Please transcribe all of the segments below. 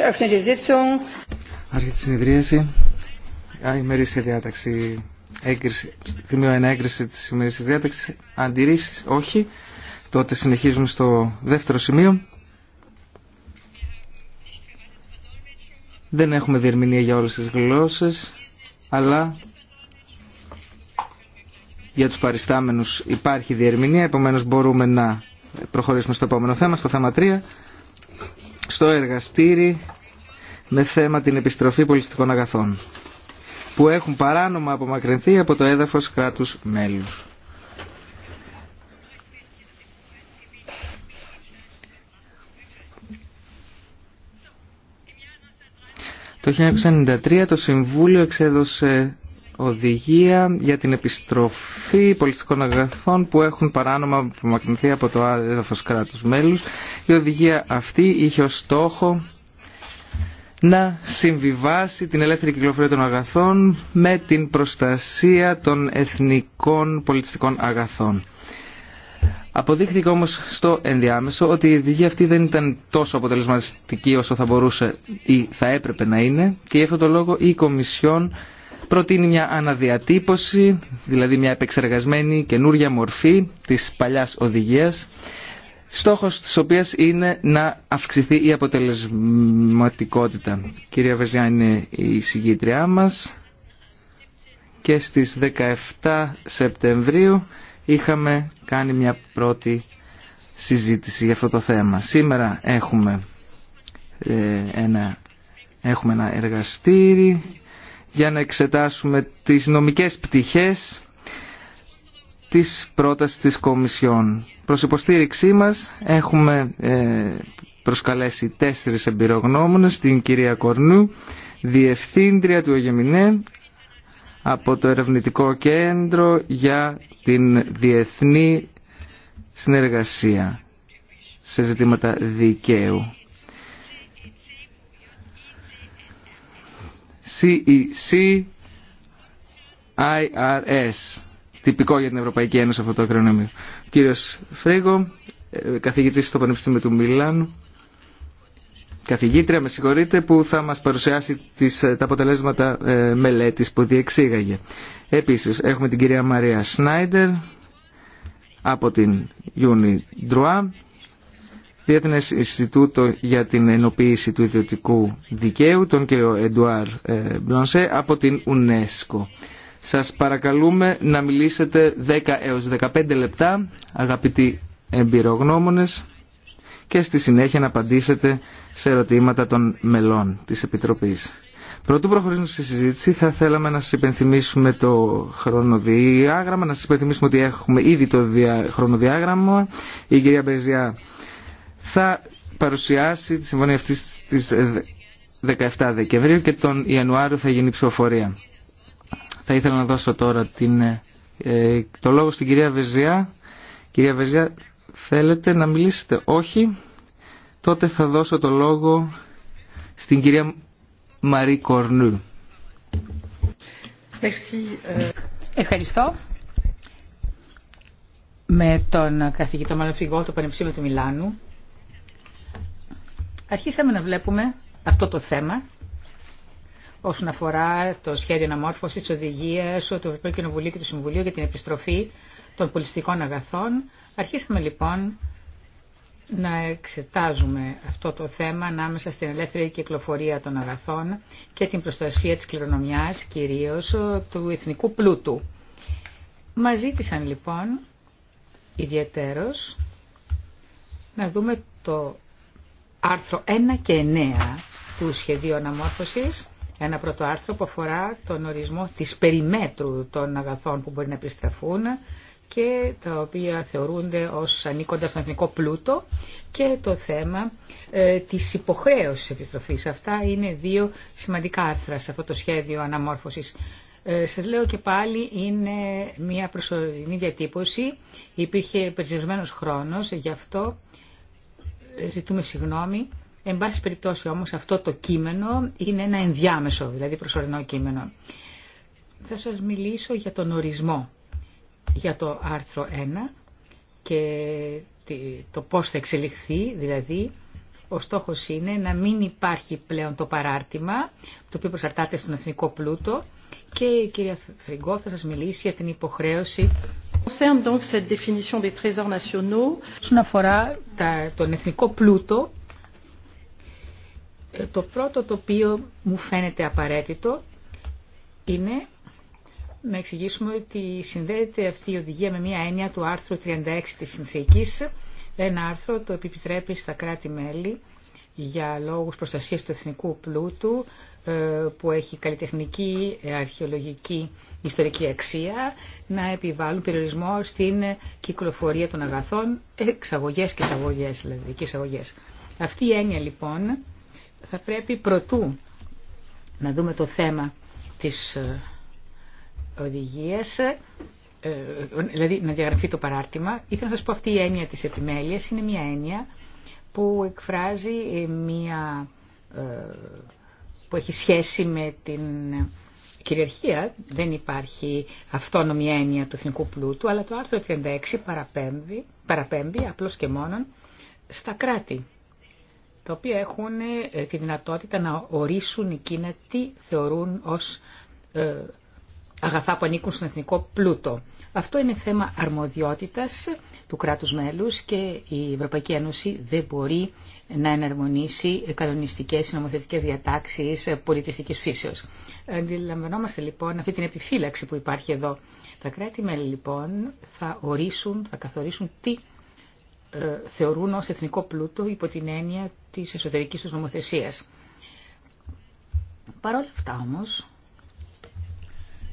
Ich öffne die Sitzung. η διάταξη. Έγκριση. τη ημερήσια διάταξη. Αντιρρήσει. Όχι. Τότε συνεχίζουμε στο δεύτερο σημείο. Δεν έχουμε διερμηνία για όλες τις γλώσσες, αλλά για τους παριστάμενους υπάρχει διερμηνία, επομένως μπορούμε να προχωρήσουμε στο επόμενο θέμα, στο θέμα 3 στο εργαστήρι με θέμα την επιστροφή πολιστικών αγαθών που έχουν παράνομα απομακρυνθεί από το έδαφος κράτους μέλους. Το 1993 το Συμβούλιο εξέδωσε οδηγία για την επιστροφή πολιτιστικών αγαθών που έχουν παράνομα απομακρυνθεί από το άδεφο κράτου μέλους. Η οδηγία αυτή είχε ως στόχο να συμβιβάσει την ελεύθερη κυκλοφορία των αγαθών με την προστασία των εθνικών πολιτιστικών αγαθών. Αποδείχθηκε όμως στο ενδιάμεσο ότι η οδηγία αυτή δεν ήταν τόσο αποτελεσματική όσο θα μπορούσε ή θα έπρεπε να είναι και γι' το λόγο η Κομισιόν προτείνει μια αναδιατύπωση, δηλαδή μια επεξεργασμένη καινούρια μορφή της παλιάς οδηγίας, στόχος της οποίας είναι να αυξηθεί η αποτελεσματικότητα. κυρία Βεζιά είναι η συγκήτριά μας και στις 17 Σεπτεμβρίου είχαμε κάνει μια πρώτη συζήτηση για αυτό το θέμα. Σήμερα έχουμε, ε, ένα, έχουμε ένα εργαστήρι για να εξετάσουμε τις νομικές πτυχές της πρότασης της Κομισιόν. Προς υποστήριξή μας έχουμε ε, προσκαλέσει τέσσερις εμπειρογνώμονες, την κυρία Κορνού, Διευθύντρια του Ογεμινέν, από το Ερευνητικό Κέντρο για την Διεθνή Συνεργασία σε ζητήματα δικαίου. CEC IRS. Τυπικό για την Ευρωπαϊκή Ένωση αυτό το ακρονομίο. Κύριος Φρέγκο, ε, καθηγητής στο Πανεπιστήμιο του Μιλάνου. Καθηγήτρια, με συγχωρείτε, που θα μας παρουσιάσει τις, ε, τα αποτελέσματα ε, μελέτης που διεξήγαγε. Επίσης, έχουμε την κυρία Μαρία Σνάιντερ από την Ιούνι Ντρουά Διεθνές Ινστιτούτο για την Ενοποίηση του Ιδιωτικού Δικαίου, τον κύριο Εντουάρ ε, Μπλονσέ, από την UNESCO. Σας παρακαλούμε να μιλήσετε 10 έως 15 λεπτά, αγαπητοί εμπειρογνώμονες, και στη συνέχεια να απαντήσετε σε ερωτήματα των μελών της Επιτροπής. Πρωτού προχωρήσουμε στη συζήτηση, θα θέλαμε να σας υπενθυμίσουμε το χρονοδιάγραμμα, να σας υπενθυμίσουμε ότι έχουμε ήδη το χρονοδιάγραμμα. Η κυρία Μπεζιά θα παρουσιάσει τη συμφωνία αυτή στις 17 ε, Δεκεμβρίου και τον Ιανουάριο θα γίνει ψηφοφορία. Θα ήθελα να δώσω τώρα την, ε, ε, το λόγο στην κυρία Βεζιά. Κυρία Βεζιά, θέλετε να μιλήσετε. Όχι. Τότε θα δώσω το λόγο στην κυρία Μαρή Κορνού. Ευχαριστώ. Με τον καθηγητό Μαλαφυγό του Πανεπιστήμιου του Μιλάνου αρχίσαμε να βλέπουμε αυτό το θέμα όσον αφορά το σχέδιο αναμόρφωση τη οδηγία του Ευρωπαϊκού Κοινοβουλίου και του Συμβουλίου για την επιστροφή των πολιτιστικών αγαθών. Αρχίσαμε λοιπόν να εξετάζουμε αυτό το θέμα ανάμεσα στην ελεύθερη κυκλοφορία των αγαθών και την προστασία της κληρονομιάς, κυρίως του εθνικού πλούτου. Μας ζήτησαν λοιπόν ιδιαίτερος να δούμε το άρθρο 1 και 9 του σχεδίου αναμόρφωσης, ένα πρώτο άρθρο που αφορά τον ορισμό της περιμέτρου των αγαθών που μπορεί να επιστραφούν και τα οποία θεωρούνται ως ανήκοντα στον εθνικό πλούτο και το θέμα ε, της υποχρέωσης επιστροφής. Αυτά είναι δύο σημαντικά άρθρα σε αυτό το σχέδιο αναμόρφωσης. Ε, σας λέω και πάλι είναι μια προσωρινή διατύπωση. Υπήρχε περιορισμένος χρόνος, γι' αυτό ζητούμε συγγνώμη. Εν πάση περιπτώσει όμως αυτό το κείμενο είναι ένα ενδιάμεσο, δηλαδή προσωρινό κείμενο. Θα σας μιλήσω για τον ορισμό, για το άρθρο 1 και το πώς θα εξελιχθεί, δηλαδή ο στόχος είναι να μην υπάρχει πλέον το παράρτημα, το οποίο προσαρτάται στον εθνικό πλούτο και η κυρία Φρυγκό θα σας μιλήσει για την υποχρέωση Όσον αφορά τον εθνικό πλούτο, ε, το πρώτο το οποίο μου φαίνεται απαραίτητο είναι να εξηγήσουμε ότι συνδέεται αυτή η οδηγία με μια έννοια του άρθρου 36 της συνθήκης, ένα άρθρο το επιτρέπει στα κράτη-μέλη για λόγους προστασίας του εθνικού πλούτου ε, που έχει καλλιτεχνική, ε, αρχαιολογική ιστορική αξία να επιβάλλουν περιορισμό στην κυκλοφορία των αγαθών, εξαγωγέ και εισαγωγές, δηλαδή και Αυτή η έννοια λοιπόν θα πρέπει προτού να δούμε το θέμα της ε, οδηγίας, ε, ε, δηλαδή να διαγραφεί το παράρτημα. Ήθελα να σας πω αυτή η έννοια της επιμέλειας είναι μια έννοια που εκφράζει μια που έχει σχέση με την κυριαρχία, δεν υπάρχει αυτόνομη έννοια του εθνικού πλούτου, αλλά το άρθρο 36 παραπέμπει, παραπέμπει απλώς και μόνον στα κράτη, τα οποία έχουν ε, τη δυνατότητα να ορίσουν εκείνα τι θεωρούν ως ε, αγαθά που ανήκουν στον εθνικό πλούτο. Αυτό είναι θέμα αρμοδιότητας του κράτους μέλους και η Ευρωπαϊκή Ένωση δεν μπορεί να εναρμονίσει κανονιστικές νομοθετικές διατάξεις πολιτιστικής φύσεως. Αντιλαμβανόμαστε λοιπόν αυτή την επιφύλαξη που υπάρχει εδώ. Τα κράτη-μέλη λοιπόν θα ορίσουν, θα καθορίσουν τι ε, θεωρούν ως εθνικό πλούτο υπό την έννοια της εσωτερικής τους νομοθεσίας. Παρ' όλα αυτά όμως,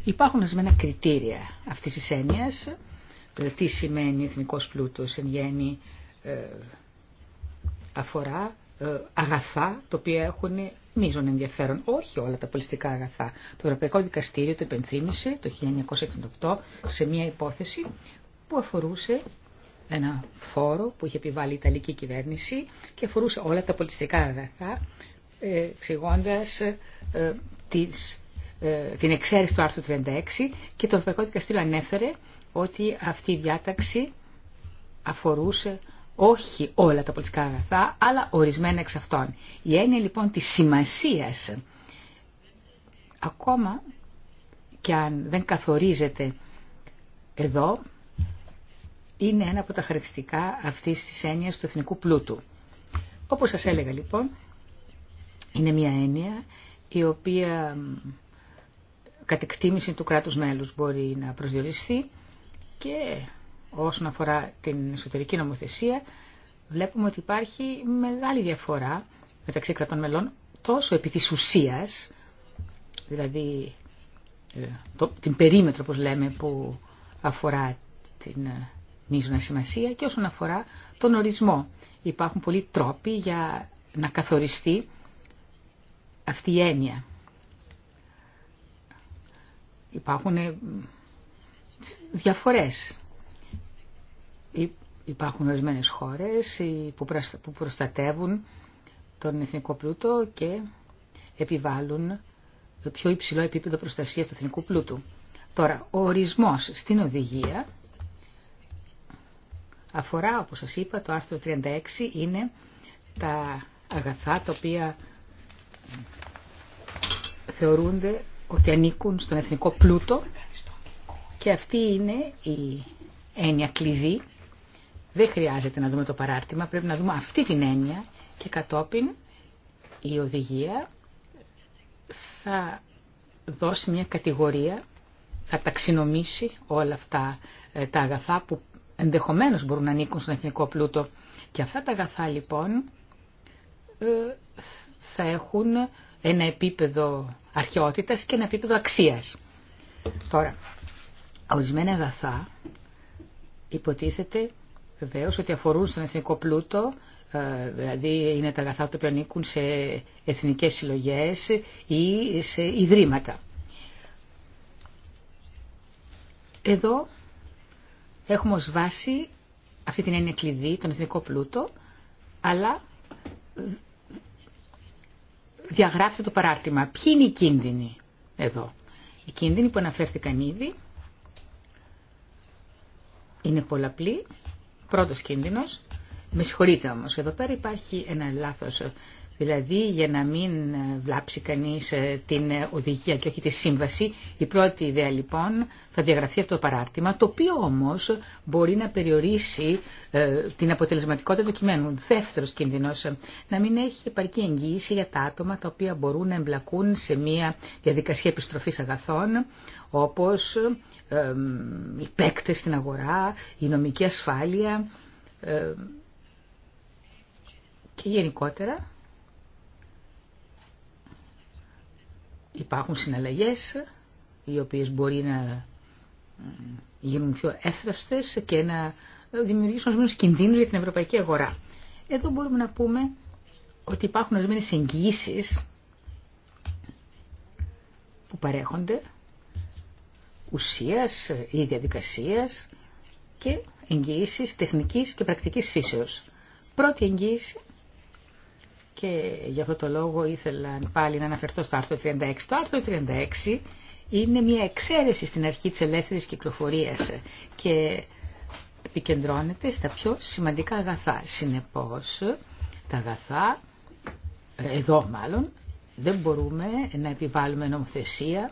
Υπάρχουν ορισμένα κριτήρια αυτής της έννοιας, τι σημαίνει εθνικός πλούτος εν γέννη ε, αφορά ε, αγαθά τα οποία έχουν μείζον ενδιαφέρον. Όχι όλα τα πολιτικά αγαθά. Το Ευρωπαϊκό Δικαστήριο το επενθύμησε το 1968 σε μια υπόθεση που αφορούσε ένα φόρο που είχε επιβάλει η Ιταλική κυβέρνηση και αφορούσε όλα τα πολιτιστικά αγαθά ε, εξηγώντα ε, τις ε, την εξαίρεση του άρθρου 36 και το Ευρωπαϊκό Δικαστήριο ανέφερε ότι αυτή η διάταξη αφορούσε όχι όλα τα πολιτικά αγαθά, αλλά ορισμένα εξ αυτών. Η έννοια λοιπόν της σημασίας, ακόμα και αν δεν καθορίζεται εδώ, είναι ένα από τα χαρακτηριστικά αυτής της έννοιας του εθνικού πλούτου. Όπως σας έλεγα λοιπόν, είναι μια έννοια η οποία κατεκτήμηση του κράτους μέλους μπορεί να προσδιοριστεί και όσον αφορά την εσωτερική νομοθεσία βλέπουμε ότι υπάρχει μεγάλη διαφορά μεταξύ κρατών μελών τόσο επί της ουσίας, δηλαδή ε, το, την περίμετρο όπως λέμε που αφορά την ε, μείζωνα σημασία και όσον αφορά τον ορισμό. Υπάρχουν πολλοί τρόποι για να καθοριστεί αυτή η έννοια. Υπάρχουν ε, διαφορές. Υπάρχουν ορισμένε χώρες ε, που προστατεύουν τον εθνικό πλούτο και επιβάλλουν το πιο υψηλό επίπεδο προστασία του εθνικού πλούτου. Τώρα, ο ορισμός στην οδηγία αφορά, όπως σας είπα, το άρθρο 36 είναι τα αγαθά τα οποία θεωρούνται ότι ανήκουν στον εθνικό πλούτο και αυτή είναι η έννοια κλειδί. Δεν χρειάζεται να δούμε το παράρτημα, πρέπει να δούμε αυτή την έννοια και κατόπιν η οδηγία θα δώσει μια κατηγορία, θα ταξινομήσει όλα αυτά ε, τα αγαθά που ενδεχομένως μπορούν να ανήκουν στον εθνικό πλούτο. Και αυτά τα αγαθά λοιπόν ε, θα έχουν ένα επίπεδο αρχαιότητας και ένα επίπεδο αξίας. Τώρα, ορισμένα αγαθά υποτίθεται βεβαίω ότι αφορούν στον εθνικό πλούτο, ε, δηλαδή είναι τα αγαθά που ανήκουν σε εθνικές συλλογές ή σε ιδρύματα. Εδώ έχουμε ως βάση αυτή την έννοια κλειδί, τον εθνικό πλούτο, αλλά διαγράφεται το παράρτημα. Ποιοι είναι οι κίνδυνοι εδώ. Οι κίνδυνοι που αναφέρθηκαν ήδη είναι πολλαπλή. Πρώτος κίνδυνος. Με συγχωρείτε όμως, εδώ πέρα υπάρχει ένα λάθος Δηλαδή για να μην ε, βλάψει κανείς ε, την ε, οδηγία και όχι τη σύμβαση, η πρώτη ιδέα λοιπόν θα διαγραφεί αυτό το παράρτημα, το οποίο όμως μπορεί να περιορίσει την αποτελεσματικότητα του κειμένου. Δεύτερος κίνδυνος, να μην έχει επαρκή εγγύηση για τα άτομα τα οποία μπορούν να εμπλακούν σε μια διαδικασία επιστροφής αγαθών, όπως οι παίκτες στην αγορά, η νομική ασφάλεια και γενικότερα Υπάρχουν συναλλαγές οι οποίες μπορεί να γίνουν πιο εύθραυστες και να δημιουργήσουν ορισμένους κινδύνους για την ευρωπαϊκή αγορά. Εδώ μπορούμε να πούμε ότι υπάρχουν ορισμένε εγγυήσει που παρέχονται ουσίας ή διαδικασίας και εγγυήσει τεχνικής και πρακτικής φύσεως. Πρώτη εγγύηση και για αυτό το λόγο ήθελα πάλι να αναφερθώ στο άρθρο 36. Το άρθρο 36 είναι μια εξαίρεση στην αρχή της ελεύθερης κυκλοφορίας και επικεντρώνεται στα πιο σημαντικά αγαθά. Συνεπώς, τα αγαθά, εδώ μάλλον, δεν μπορούμε να επιβάλλουμε νομοθεσία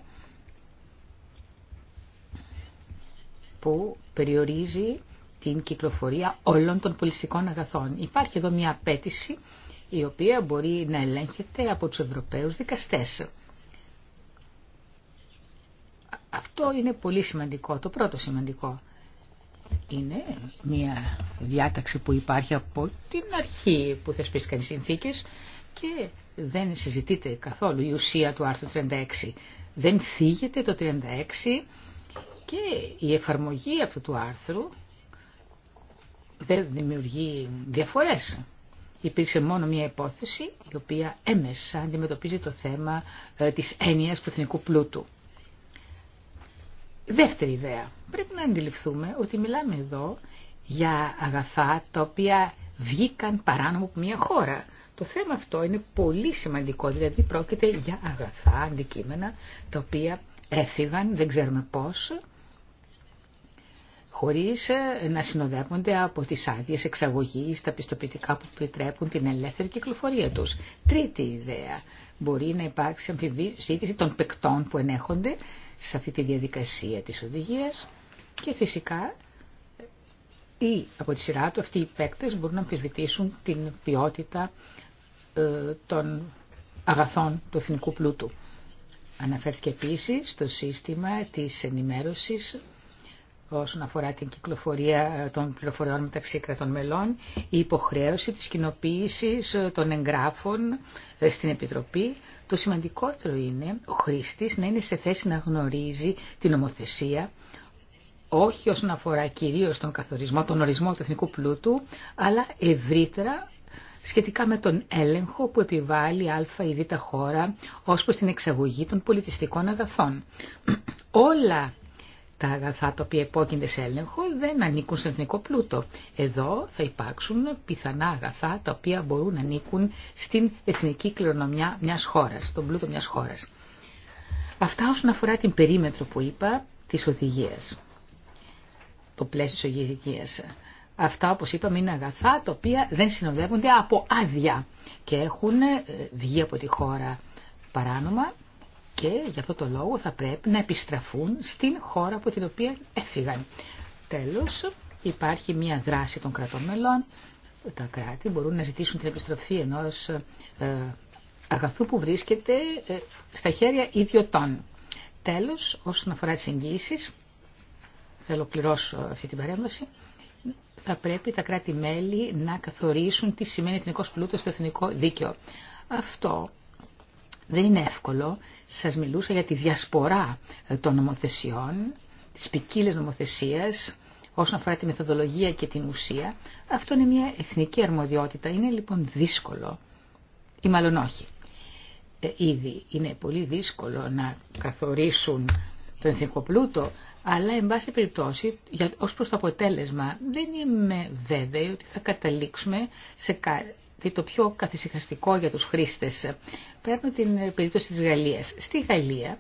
που περιορίζει την κυκλοφορία όλων των πολιστικών αγαθών. Υπάρχει εδώ μια απέτηση η οποία μπορεί να ελέγχεται από τους Ευρωπαίους δικαστές. Αυτό είναι πολύ σημαντικό. Το πρώτο σημαντικό είναι μια διάταξη που υπάρχει από την αρχή που θεσπίστηκαν οι συνθήκες και δεν συζητείται καθόλου η ουσία του άρθρου 36. Δεν θίγεται το 36 και η εφαρμογή αυτού του άρθρου δεν δημιουργεί διαφορές υπήρξε μόνο μία υπόθεση η οποία έμεσα αντιμετωπίζει το θέμα ε, της έννοιας του εθνικού πλούτου. Δεύτερη ιδέα. Πρέπει να αντιληφθούμε ότι μιλάμε εδώ για αγαθά τα οποία βγήκαν παράνομα από μια χώρα. Το θέμα αυτό είναι πολύ σημαντικό, δηλαδή πρόκειται για αγαθά, αντικείμενα, τα οποια βγηκαν παράνομο απο μια χωρα το θεμα αυτο ειναι έφυγαν, δεν ξέρουμε πώς, χωρίς ε, να συνοδεύονται από τις άδειες εξαγωγής, τα πιστοποιητικά που επιτρέπουν την ελεύθερη κυκλοφορία τους. Τρίτη ιδέα, μπορεί να υπάρξει αμφιβήτηση των παικτών που ενέχονται σε αυτή τη διαδικασία της οδηγίας και φυσικά ε, ή από τη σειρά του αυτοί οι παίκτες μπορούν να αμφιβητήσουν την ποιότητα ε, των αγαθών του εθνικού πλούτου. Αναφέρθηκε επίσης στο σύστημα της ενημέρωσης όσον αφορά την κυκλοφορία ε, των πληροφοριών μεταξύ κρατών μελών, η υποχρέωση της κοινοποίηση ε, των εγγράφων ε, στην Επιτροπή. Το σημαντικότερο είναι ο χρήστης να είναι σε θέση να γνωρίζει την νομοθεσία, όχι όσον αφορά κυρίως τον καθορισμό, τον ορισμό του εθνικού πλούτου, αλλά ευρύτερα σχετικά με τον έλεγχο που επιβάλλει α ή β χώρα ως προς την εξαγωγή των πολιτιστικών αγαθών. Όλα τα αγαθά τα οποία υπόκεινται σε έλεγχο δεν ανήκουν στον εθνικό πλούτο. Εδώ θα υπάρξουν πιθανά αγαθά τα οποία μπορούν να ανήκουν στην εθνική κληρονομιά μιας χώρας, στον πλούτο μιας χώρας. Αυτά όσον αφορά την περίμετρο που είπα της οδηγίας, το πλαίσιο της οδηγίας. Αυτά όπως είπαμε είναι αγαθά τα οποία δεν συνοδεύονται από άδεια και έχουν ε, βγει από τη χώρα παράνομα και για αυτό το λόγο θα πρέπει να επιστραφούν στην χώρα από την οποία έφυγαν. Τέλος, υπάρχει μια δράση των κρατών μελών. Τα κράτη μπορούν να ζητήσουν την επιστροφή ενός ε, αγαθού που βρίσκεται ε, στα χέρια ιδιωτών. Τέλος, όσον αφορά τις εγγύησεις, θέλω πληρώσω αυτή την παρέμβαση, θα πρέπει τα κράτη-μέλη να καθορίσουν τι σημαίνει εθνικός πλούτος στο εθνικό δίκαιο. Αυτό δεν είναι εύκολο σας μιλούσα για τη διασπορά ε, των νομοθεσιών, της ποικίλη νομοθεσίας, όσον αφορά τη μεθοδολογία και την ουσία. Αυτό είναι μια εθνική αρμοδιότητα. Είναι λοιπόν δύσκολο, ή μάλλον όχι. Ε, ήδη είναι πολύ δύσκολο να καθορίσουν τον εθνικό πλούτο, αλλά εν πάση περιπτώσει, για, ως προς το αποτέλεσμα, δεν είμαι βέβαιη ότι θα καταλήξουμε σε, το πιο καθησυχαστικό για τους χρήστες. Παίρνω την περίπτωση της Γαλλίας. Στη Γαλλία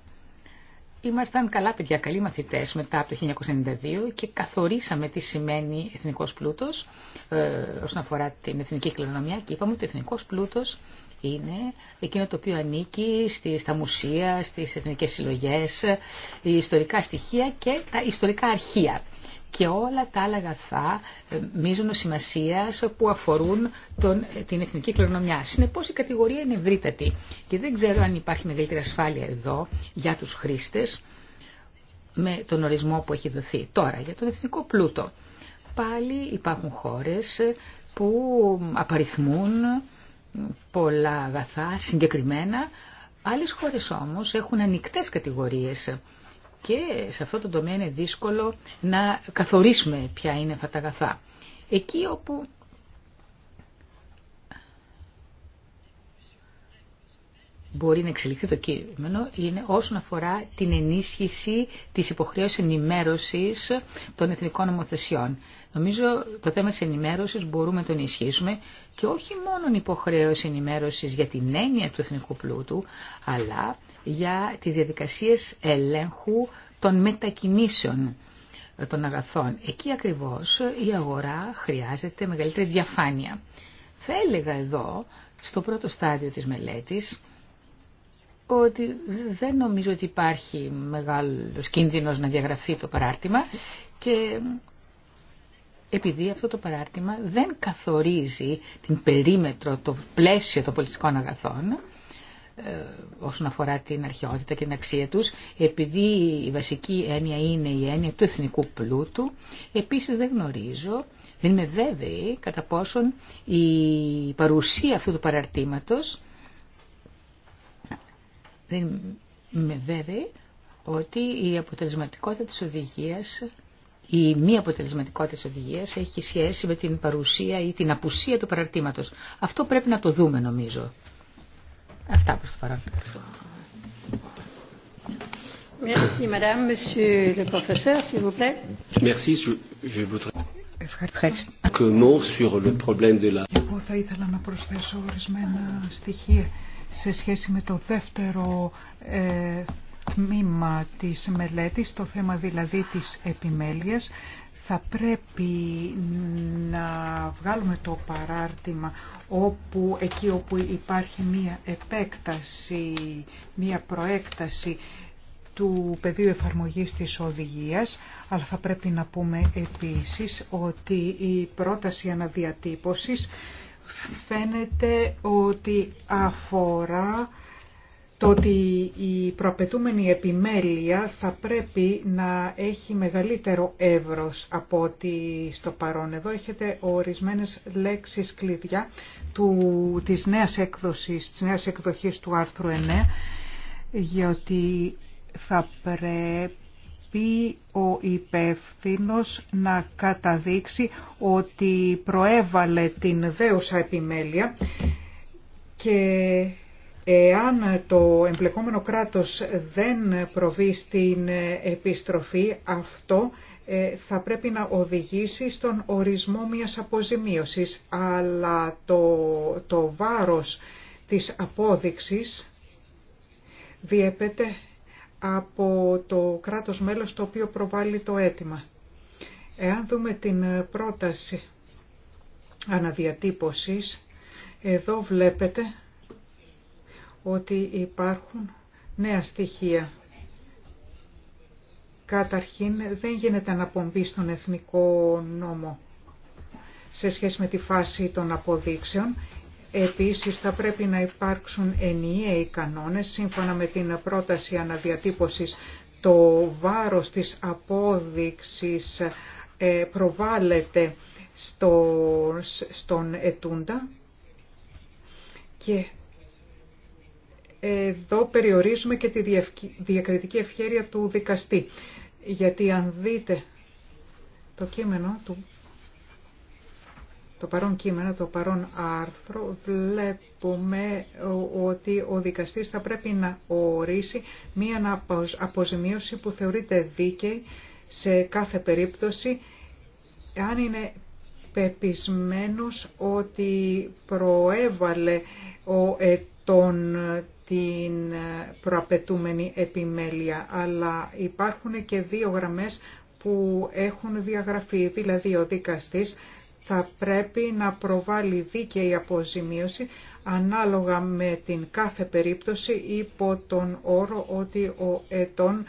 ήμασταν καλά παιδιά, καλοί μαθητές μετά από το 1992 και καθορίσαμε τι σημαίνει εθνικός πλούτος ε, όσον αφορά την εθνική κληρονομιά και είπαμε ότι ο εθνικός πλούτος είναι εκείνο το οποίο ανήκει στη, στα μουσεία, στις εθνικές συλλογές, ε, ιστορικά στοιχεία και τα ιστορικά αρχεία και όλα τα άλλα αγαθά ε, μείζωνο σημασία που αφορούν τον, ε, την εθνική κληρονομιά. Συνεπώ η κατηγορία είναι ευρύτατη και δεν ξέρω αν υπάρχει μεγαλύτερη ασφάλεια εδώ για του χρήστε με τον ορισμό που έχει δοθεί. Τώρα, για τον εθνικό πλούτο. Πάλι υπάρχουν χώρες ε, που απαριθμούν πολλά αγαθά συγκεκριμένα. Άλλες χώρες όμως έχουν ανοιχτές κατηγορίες και σε αυτό το τομέα είναι δύσκολο να καθορίσουμε ποια είναι αυτά τα αγαθά. Εκεί όπου μπορεί να εξελιχθεί το κείμενο είναι όσον αφορά την ενίσχυση της υποχρέωσης ενημέρωσης των εθνικών νομοθεσιών. Νομίζω το θέμα της ενημέρωσης μπορούμε να το ενισχύσουμε και όχι μόνο υποχρέωση ενημέρωσης για την έννοια του εθνικού πλούτου, αλλά για τις διαδικασίες ελέγχου των μετακινήσεων των αγαθών. Εκεί ακριβώς η αγορά χρειάζεται μεγαλύτερη διαφάνεια. Θα έλεγα εδώ, στο πρώτο στάδιο της μελέτης, ότι δεν νομίζω ότι υπάρχει μεγάλος κίνδυνος να διαγραφεί το παράρτημα και επειδή αυτό το παράρτημα δεν καθορίζει την περίμετρο, το πλαίσιο των πολιτικών αγαθών, ε, όσον αφορά την αρχαιότητα και την αξία τους, επειδή η βασική έννοια είναι η έννοια του εθνικού πλούτου, επίσης δεν γνωρίζω, δεν είμαι βέβαιη κατά πόσον η παρουσία αυτού του παραρτήματος, δεν είμαι βέβαιη ότι η αποτελεσματικότητα της οδηγίας η μη αποτελεσματικότητα της οδηγίας έχει σχέση με την παρουσία ή την απουσία του παραρτήματος. Αυτό πρέπει να το δούμε νομίζω. Αυτά προς το παρόν. Εγώ θα ήθελα να προσθέσω ορισμένα στοιχεία σε σχέση με το δεύτερο ε, τμήμα της μελέτης, το θέμα δηλαδή της επιμέλειας θα πρέπει να βγάλουμε το παράρτημα όπου, εκεί όπου υπάρχει μία επέκταση, μία προέκταση του πεδίου εφαρμογής της οδηγίας, αλλά θα πρέπει να πούμε επίσης ότι η πρόταση αναδιατύπωσης φαίνεται ότι αφορά το ότι η προαπαιτούμενη επιμέλεια θα πρέπει να έχει μεγαλύτερο εύρος από ότι στο παρόν. Εδώ έχετε ορισμένες λέξεις κλειδιά του, της, νέας έκδοσης, της νέας εκδοχής του άρθρου 9, γιατί θα πρέπει ο υπεύθυνο να καταδείξει ότι προέβαλε την δέουσα επιμέλεια και Εάν το εμπλεκόμενο κράτος δεν προβεί στην επιστροφή, αυτό ε, θα πρέπει να οδηγήσει στον ορισμό μιας αποζημίωσης, αλλά το, το βάρος της απόδειξης διέπεται από το κράτος μέλος το οποίο προβάλλει το αίτημα. Εάν δούμε την πρόταση αναδιατύπωσης, εδώ βλέπετε ότι υπάρχουν νέα στοιχεία. Καταρχήν δεν γίνεται αναπομπή στον εθνικό νόμο σε σχέση με τη φάση των αποδείξεων. Επίσης θα πρέπει να υπάρξουν ενιαίοι κανόνες σύμφωνα με την πρόταση αναδιατύπωσης το βάρος της απόδειξης ε, προβάλλεται στον ετούντα και εδώ περιορίζουμε και τη διακριτική ευχέρεια του δικαστή. Γιατί αν δείτε το κείμενο του, το παρόν κείμενο, το παρόν άρθρο, βλέπουμε ότι ο δικαστής θα πρέπει να ορίσει μία αποζημίωση που θεωρείται δίκαιη σε κάθε περίπτωση, αν είναι πεπισμένος ότι προέβαλε ο τον, την προαπαιτούμενη επιμέλεια, αλλά υπάρχουν και δύο γραμμές που έχουν διαγραφεί, δηλαδή ο δικαστής θα πρέπει να προβάλλει δίκαιη αποζημίωση ανάλογα με την κάθε περίπτωση υπό τον όρο ότι ο ετών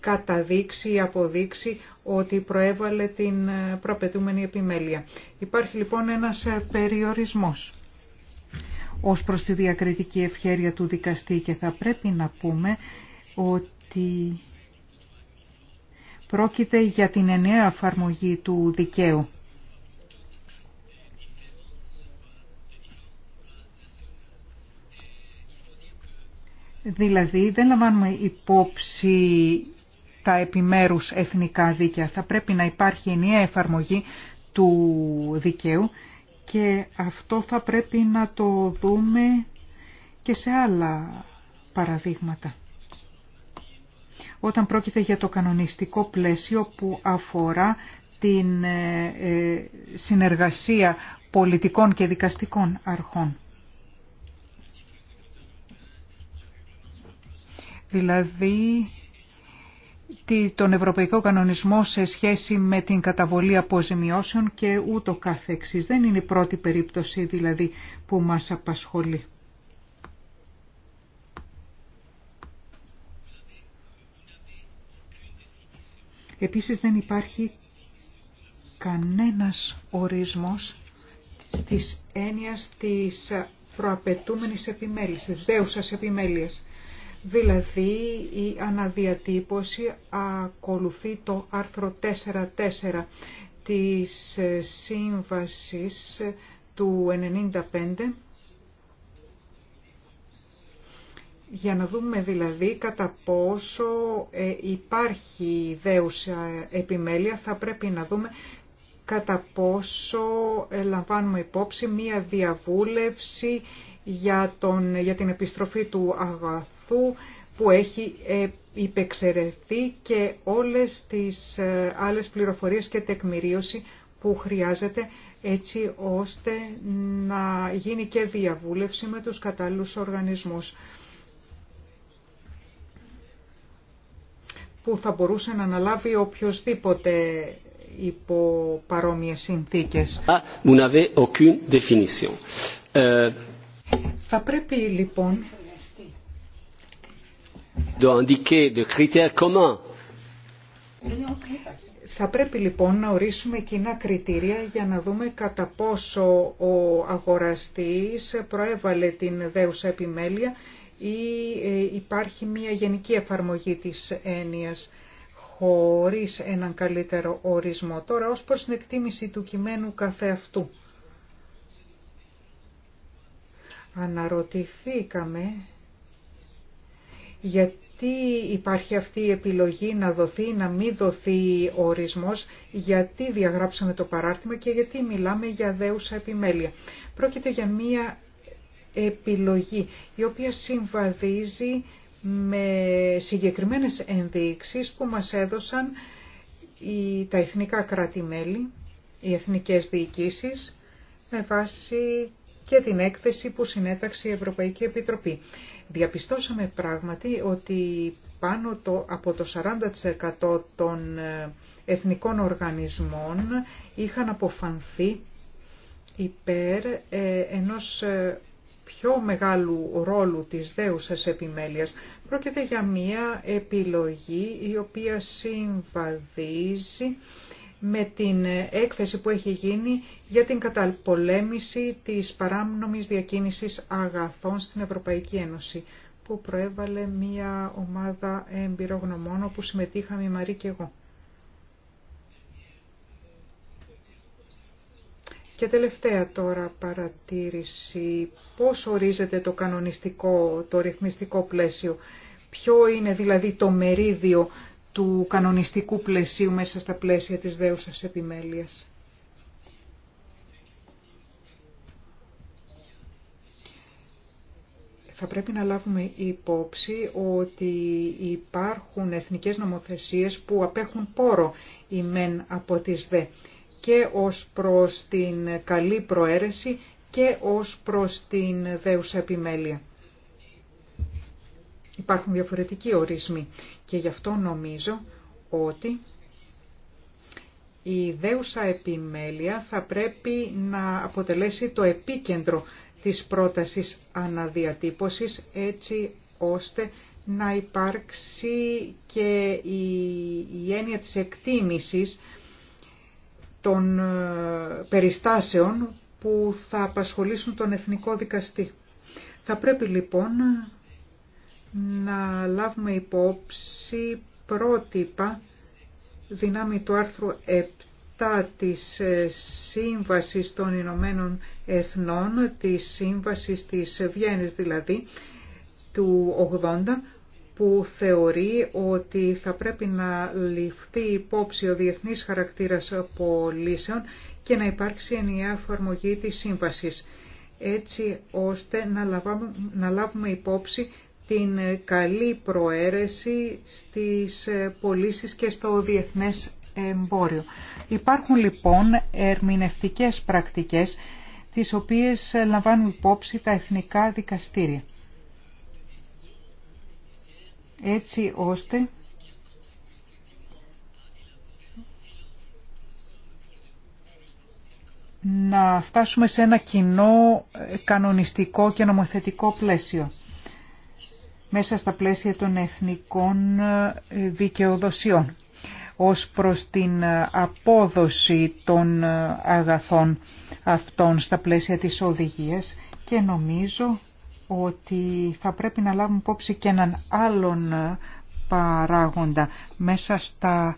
καταδείξει ή αποδείξει ότι προέβαλε την προαπαιτούμενη επιμέλεια. Υπάρχει λοιπόν ένας περιορισμός ως προς τη διακριτική ευχέρεια του δικαστή και θα πρέπει να πούμε ότι πρόκειται για την ενιαία εφαρμογή του δικαίου. Δηλαδή δεν λαμβάνουμε υπόψη τα επιμέρους εθνικά δίκαια. Θα πρέπει να υπάρχει ενιαία εφαρμογή του δικαίου και αυτό θα πρέπει να το δούμε και σε άλλα παραδείγματα. Όταν πρόκειται για το κανονιστικό πλαίσιο που αφορά την ε, ε, συνεργασία πολιτικών και δικαστικών αρχών. Δηλαδή τον Ευρωπαϊκό Κανονισμό σε σχέση με την καταβολή αποζημιώσεων και ούτω καθεξής. Δεν είναι η πρώτη περίπτωση δηλαδή που μας απασχολεί. Επίσης δεν υπάρχει κανένας ορισμός στις έννοιας της προαπαιτούμενης επιμέλειας, της δέουσας επιμέλειας. Δηλαδή η αναδιατύπωση ακολουθεί το άρθρο 4.4 της ε, σύμβασης ε, του 95 για να δούμε δηλαδή κατά πόσο ε, υπάρχει δέουσα επιμέλεια θα πρέπει να δούμε κατά πόσο λαμβάνουμε υπόψη μία διαβούλευση για, τον, για την επιστροφή του αγαθού που έχει ε, υπεξαιρεθεί και όλες τις ε, άλλες πληροφορίες και τεκμηρίωση που χρειάζεται έτσι ώστε να γίνει και διαβούλευση με τους κατάλληλους οργανισμούς που θα μπορούσε να αναλάβει οποιοδήποτε υπό παρόμοιες συνθήκες. Ε, θα πρέπει λοιπόν critères Θα πρέπει λοιπόν να ορίσουμε κοινά κριτήρια για να δούμε κατά πόσο ο αγοραστής προέβαλε την δέουσα επιμέλεια ή ε, υπάρχει μια γενική εφαρμογή της έννοιας χωρίς έναν καλύτερο ορισμό. Τώρα ως προς την εκτίμηση του κειμένου καθεαυτού. Αναρωτηθήκαμε γιατί υπάρχει αυτή η επιλογή να δοθεί, να μην δοθεί ο ορισμός, γιατί διαγράψαμε το παράρτημα και γιατί μιλάμε για δέουσα επιμέλεια. Πρόκειται για μία επιλογή η οποία συμβαδίζει με συγκεκριμένες ενδείξεις που μας έδωσαν οι, τα εθνικά κράτη-μέλη, οι εθνικές διοικήσεις, με βάση και την έκθεση που συνέταξε η Ευρωπαϊκή Επιτροπή διαπιστώσαμε πράγματι ότι πάνω το, από το 40% των ε, εθνικών οργανισμών είχαν αποφανθεί υπέρ ε, ενός ε, πιο μεγάλου ρόλου της δέουσας επιμέλειας. Πρόκειται για μία επιλογή η οποία συμβαδίζει με την έκθεση που έχει γίνει για την καταπολέμηση της παράνομης διακίνησης αγαθών στην Ευρωπαϊκή Ένωση που προέβαλε μία ομάδα εμπειρογνωμών όπου συμμετείχαμε η Μαρή και εγώ. Και τελευταία τώρα παρατήρηση, πώς ορίζεται το κανονιστικό, το ρυθμιστικό πλαίσιο, ποιο είναι δηλαδή το μερίδιο του κανονιστικού πλαισίου μέσα στα πλαίσια της δέουσας επιμέλειας. Θα πρέπει να λάβουμε υπόψη ότι υπάρχουν εθνικές νομοθεσίες που απέχουν πόρο η μεν από τις δε και ως προς την καλή προέρεση και ως προς την δέουσα επιμέλεια. Υπάρχουν διαφορετικοί ορισμοί και γι' αυτό νομίζω ότι η δέουσα επιμέλεια θα πρέπει να αποτελέσει το επίκεντρο της πρότασης αναδιατύπωσης έτσι ώστε να υπάρξει και η, έννοια της εκτίμησης των ε, περιστάσεων που θα απασχολήσουν τον Εθνικό Δικαστή. Θα πρέπει λοιπόν να λάβουμε υπόψη πρότυπα δυνάμει του άρθρου 7 της ε, Σύμβασης των Ηνωμένων Εθνών, της Σύμβασης της Βιέννης δηλαδή, του 80, που θεωρεί ότι θα πρέπει να ληφθεί υπόψη ο διεθνής χαρακτήρας πολίσεων και να υπάρξει ενιαία εφαρμογή της σύμβασης, έτσι ώστε να λάβουμε υπόψη την καλή προαίρεση στις πωλήσει και στο διεθνές εμπόριο. Υπάρχουν λοιπόν ερμηνευτικές πρακτικές τις οποίες λαμβάνουν υπόψη τα εθνικά δικαστήρια. Έτσι ώστε να φτάσουμε σε ένα κοινό κανονιστικό και νομοθετικό πλαίσιο μέσα στα πλαίσια των εθνικών ε, δικαιοδοσιών ως προς την ε, απόδοση των ε, αγαθών αυτών στα πλαίσια της οδηγίας και νομίζω ότι θα πρέπει να λάβουμε υπόψη και έναν άλλον παράγοντα μέσα στα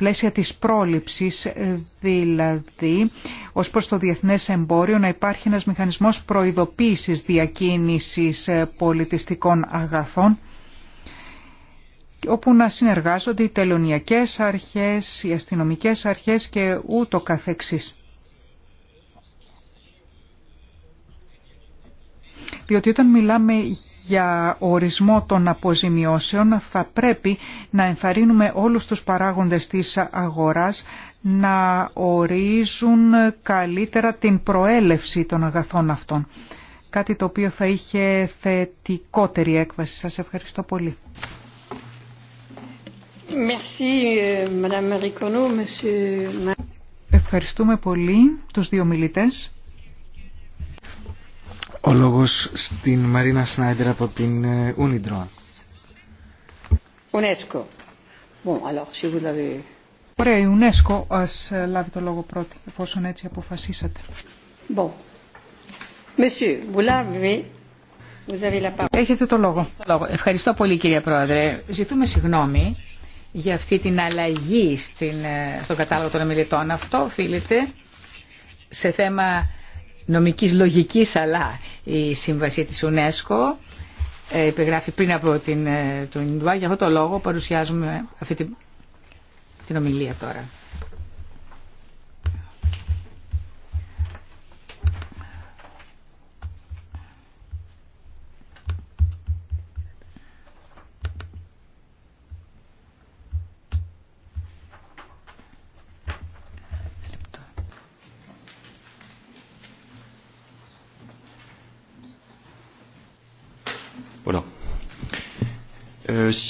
πλαίσια της πρόληψης, ε, δηλαδή ως προς το διεθνές εμπόριο να υπάρχει ένας μηχανισμός προειδοποίησης διακίνησης ε, πολιτιστικών αγαθών όπου να συνεργάζονται οι τελωνιακές αρχές, οι αστυνομικές αρχές και ούτω καθεξής. διότι όταν μιλάμε για ορισμό των αποζημιώσεων θα πρέπει να ενθαρρύνουμε όλους τους παράγοντες της αγοράς να ορίζουν καλύτερα την προέλευση των αγαθών αυτών. Κάτι το οποίο θα είχε θετικότερη έκβαση. Σας ευχαριστώ πολύ. Euh, Ευχαριστούμε πολύ τους δύο μιλητές. Ο λόγος στην Μαρίνα Σνάιντερ από την ε, Ούνιντρο. UNESCO. Bon, alors, si vous Ωραία, η UNESCO ας ε, λάβει το λόγο πρώτη, εφόσον έτσι αποφασίσατε. Bon. Monsieur, vous l'avez... Έχετε το λόγο. Ευχαριστώ πολύ κυρία Πρόεδρε. Ζητούμε συγγνώμη για αυτή την αλλαγή στην, ε, στον κατάλογο των ομιλητών. Αυτό οφείλεται σε θέμα νομικής λογικής αλλά η σύμβαση της UNESCO ε, υπεγράφει πριν από την, ε, τον Ινδουά. Για αυτό το λόγο παρουσιάζουμε αυτή την, την ομιλία τώρα.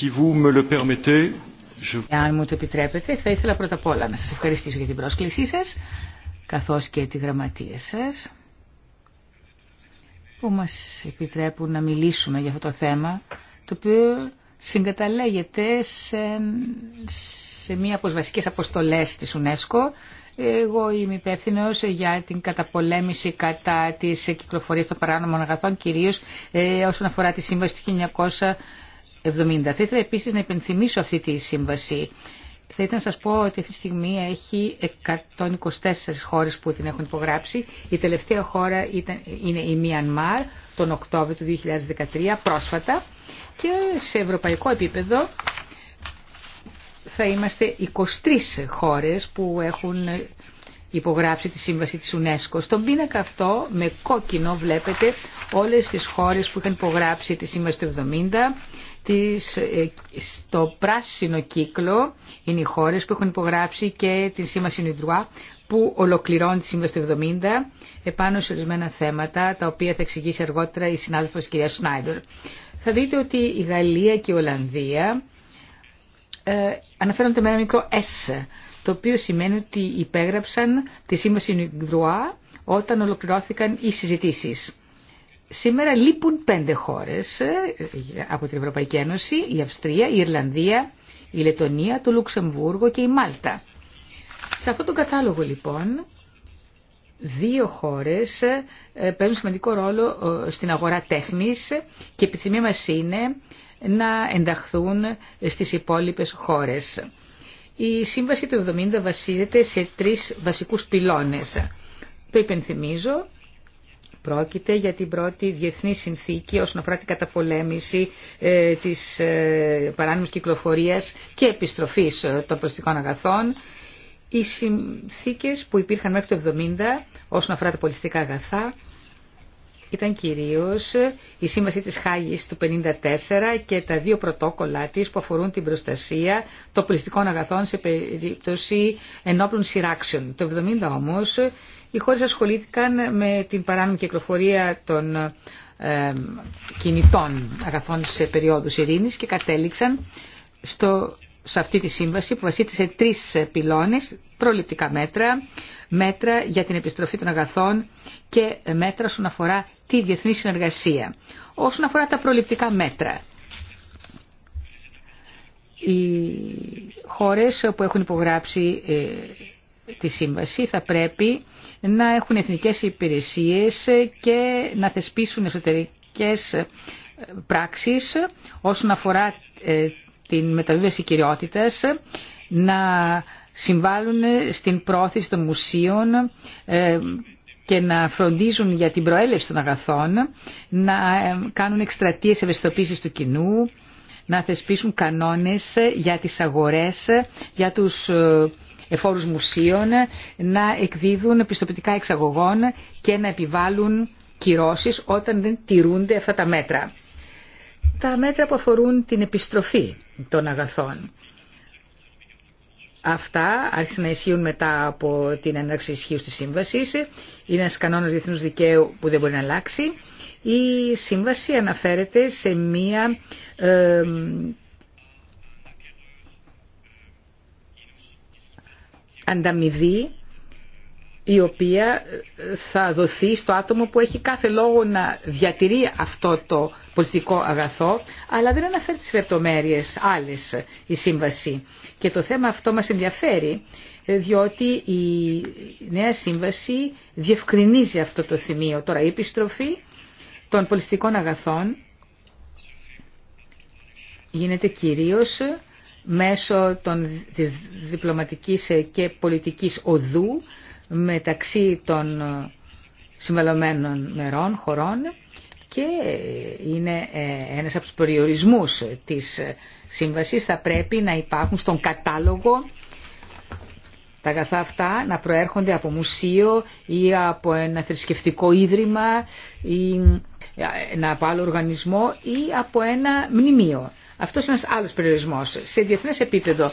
Si Αν μου το επιτρέπετε, θα ήθελα πρώτα απ' όλα να σας ευχαριστήσω για την πρόσκλησή σας, καθώς και τη γραμματεία σας, που μας επιτρέπουν να μιλήσουμε για αυτό το θέμα, το οποίο συγκαταλέγεται σε, μία από τις βασικές αποστολές της UNESCO. Εγώ είμαι υπεύθυνο για την καταπολέμηση κατά της κυκλοφορίας των παράνομων αγαθών, κυρίως ε, όσον αφορά τη σύμβαση του 70. Θα ήθελα επίσης να υπενθυμίσω αυτή τη σύμβαση. Θα ήθελα να σας πω ότι αυτή τη στιγμή έχει 124 χώρες που την έχουν υπογράψει. Η τελευταία χώρα ήταν, είναι η Μιανμάρ τον Οκτώβριο του 2013, πρόσφατα. Και σε ευρωπαϊκό επίπεδο θα είμαστε 23 χώρες που έχουν υπογράψει τη σύμβαση της UNESCO. Στον πίνακα αυτό με κόκκινο βλέπετε όλες τις χώρες που είχαν υπογράψει τη σύμβαση του 70 της, ε, στο πράσινο κύκλο είναι οι χώρες που έχουν υπογράψει και την σύμβαση Νιντρουά που ολοκληρώνει τη Σύμβαση του 70 επάνω σε ορισμένα θέματα τα οποία θα εξηγήσει αργότερα η συνάδελφος κυρία Σνάιντερ. Θα δείτε ότι η Γαλλία και η Ολλανδία ε, αναφέρονται με ένα μικρό S το οποίο σημαίνει ότι υπέγραψαν τη Σύμβαση Νιντρουά όταν ολοκληρώθηκαν οι συζητήσεις. Σήμερα λείπουν πέντε χώρες ε, από την Ευρωπαϊκή Ένωση, η Αυστρία, η Ιρλανδία, η Λετωνία, το Λουξεμβούργο και η Μάλτα. Σε αυτόν τον κατάλογο λοιπόν δύο χώρες ε, παίρνουν σημαντικό ρόλο ε, στην αγορά τέχνης και η επιθυμία μας είναι να ενταχθούν στις υπόλοιπες χώρες. Η σύμβαση του 70 βασίζεται σε τρεις βασικούς πυλώνες. Το υπενθυμίζω, Πρόκειται για την πρώτη διεθνή συνθήκη όσον αφορά την καταπολέμηση ε, της ε, παράνομης κυκλοφορίας και επιστροφής ε, των προστικών αγαθών. Οι συνθήκες που υπήρχαν μέχρι το 70 όσον αφορά τα πολιστικά αγαθά ήταν κυρίως η Σύμβαση της Χάγης του 54 και τα δύο πρωτόκολλα της που αφορούν την προστασία των πολιστικών αγαθών σε περίπτωση ενόπλων σειράξεων. Το 70 όμως οι χώρες ασχολήθηκαν με την παράνομη κυκλοφορία των κινητών αγαθών σε περίοδους ειρήνης και κατέληξαν στο, σε αυτή τη σύμβαση που βασίτησε σε τρεις πυλώνες, προληπτικά μέτρα, μέτρα για την επιστροφή των αγαθών και μέτρα όσον αφορά τη διεθνή συνεργασία. Όσον αφορά τα προληπτικά μέτρα, οι χώρες που έχουν υπογράψει ε, τη σύμβαση θα πρέπει να έχουν εθνικές υπηρεσίες και να θεσπίσουν εσωτερικές πράξεις όσον αφορά ε, την μεταβίβαση κυριότητας, να συμβάλλουν στην πρόθεση των μουσείων ε, και να φροντίζουν για την προέλευση των αγαθών, να ε, κάνουν εκστρατείες ευαισθητοποίησης του κοινού, να θεσπίσουν κανόνες για τις αγορές, για τους εφόρους μουσείων να εκδίδουν πιστοποιητικά εξαγωγών και να επιβάλλουν κυρώσεις όταν δεν τηρούνται αυτά τα μέτρα. Τα μέτρα που αφορούν την επιστροφή των αγαθών. Αυτά άρχισαν να ισχύουν μετά από την έναρξη ισχύου τη σύμβαση. Είναι ένα κανόνα διεθνού δικαίου που δεν μπορεί να αλλάξει. Η σύμβαση αναφέρεται σε μία ανταμοιβή η οποία θα δοθεί στο άτομο που έχει κάθε λόγο να διατηρεί αυτό το πολιτικό αγαθό, αλλά δεν αναφέρει τις λεπτομέρειες άλλες η σύμβαση. Και το θέμα αυτό μας ενδιαφέρει, διότι η νέα σύμβαση διευκρινίζει αυτό το θυμίο. Τώρα η επιστροφή των πολιτικών αγαθών γίνεται κυρίως μέσω των, της διπλωματικής ε, και πολιτικής οδού μεταξύ των ε, συμβαλωμένων μερών, χωρών και ε, είναι ένας από τους περιορισμούς της σύμβασης θα πρέπει να υπάρχουν στον κατάλογο τα αγαθά αυτά να προέρχονται από μουσείο ή από ένα θρησκευτικό ίδρυμα ή από άλλο οργανισμό ή από ένα μνημείο. Αυτός είναι ένας άλλος περιορισμός. Σε διεθνές επίπεδο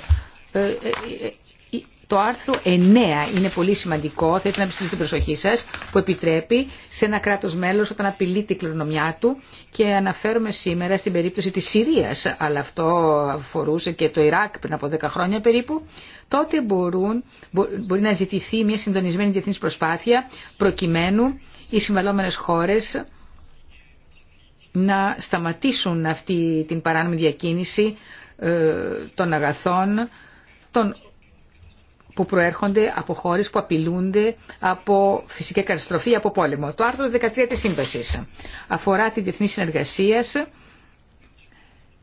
ε, ε, ε, το άρθρο 9 είναι πολύ σημαντικό, θα ήθελα να επιστρέψω την προσοχή σα, που επιτρέπει σε ένα κράτο μέλο όταν απειλεί την κληρονομιά του και αναφέρομαι σήμερα στην περίπτωση τη Συρία, αλλά αυτό αφορούσε και το Ιράκ πριν από 10 χρόνια περίπου, τότε μπορούν, μπορεί να ζητηθεί μια συντονισμένη διεθνή προσπάθεια προκειμένου οι συμβαλόμενε χώρε να σταματήσουν αυτή την παράνομη διακίνηση ε, των αγαθών των που προέρχονται από χώρε που απειλούνται από φυσική καταστροφή ή από πόλεμο. Το άρθρο 13 της Σύμβασης αφορά τη διεθνή συνεργασία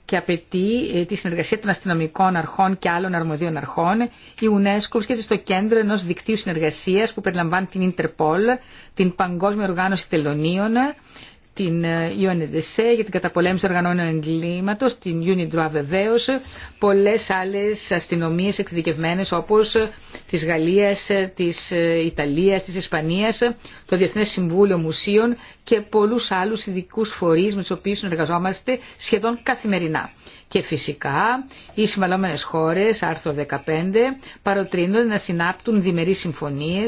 και απαιτεί ε, τη συνεργασία των αστυνομικών αρχών και άλλων αρμοδίων αρχών. Η UNESCO βρίσκεται στο κέντρο ενός δικτύου συνεργασίας που περιλαμβάνει την Interpol, την Παγκόσμια Οργάνωση Τελωνίων, την ε, UNEDC για την καταπολέμηση οργανώνων εγκλήματο, την UNIDROIT βεβαίω, πολλές άλλε αστυνομίες εκδικευμένε όπως της Γαλλίας, της ε, Ιταλίας, της Ισπανίας, το Διεθνέ Συμβούλιο Μουσείων και πολλού άλλου ειδικού φορεί με του οποίου συνεργαζόμαστε σχεδόν καθημερινά. Και φυσικά οι συμβαλόμενε χώρε, άρθρο 15, παροτρύνονται να συνάπτουν διμερεί συμφωνίε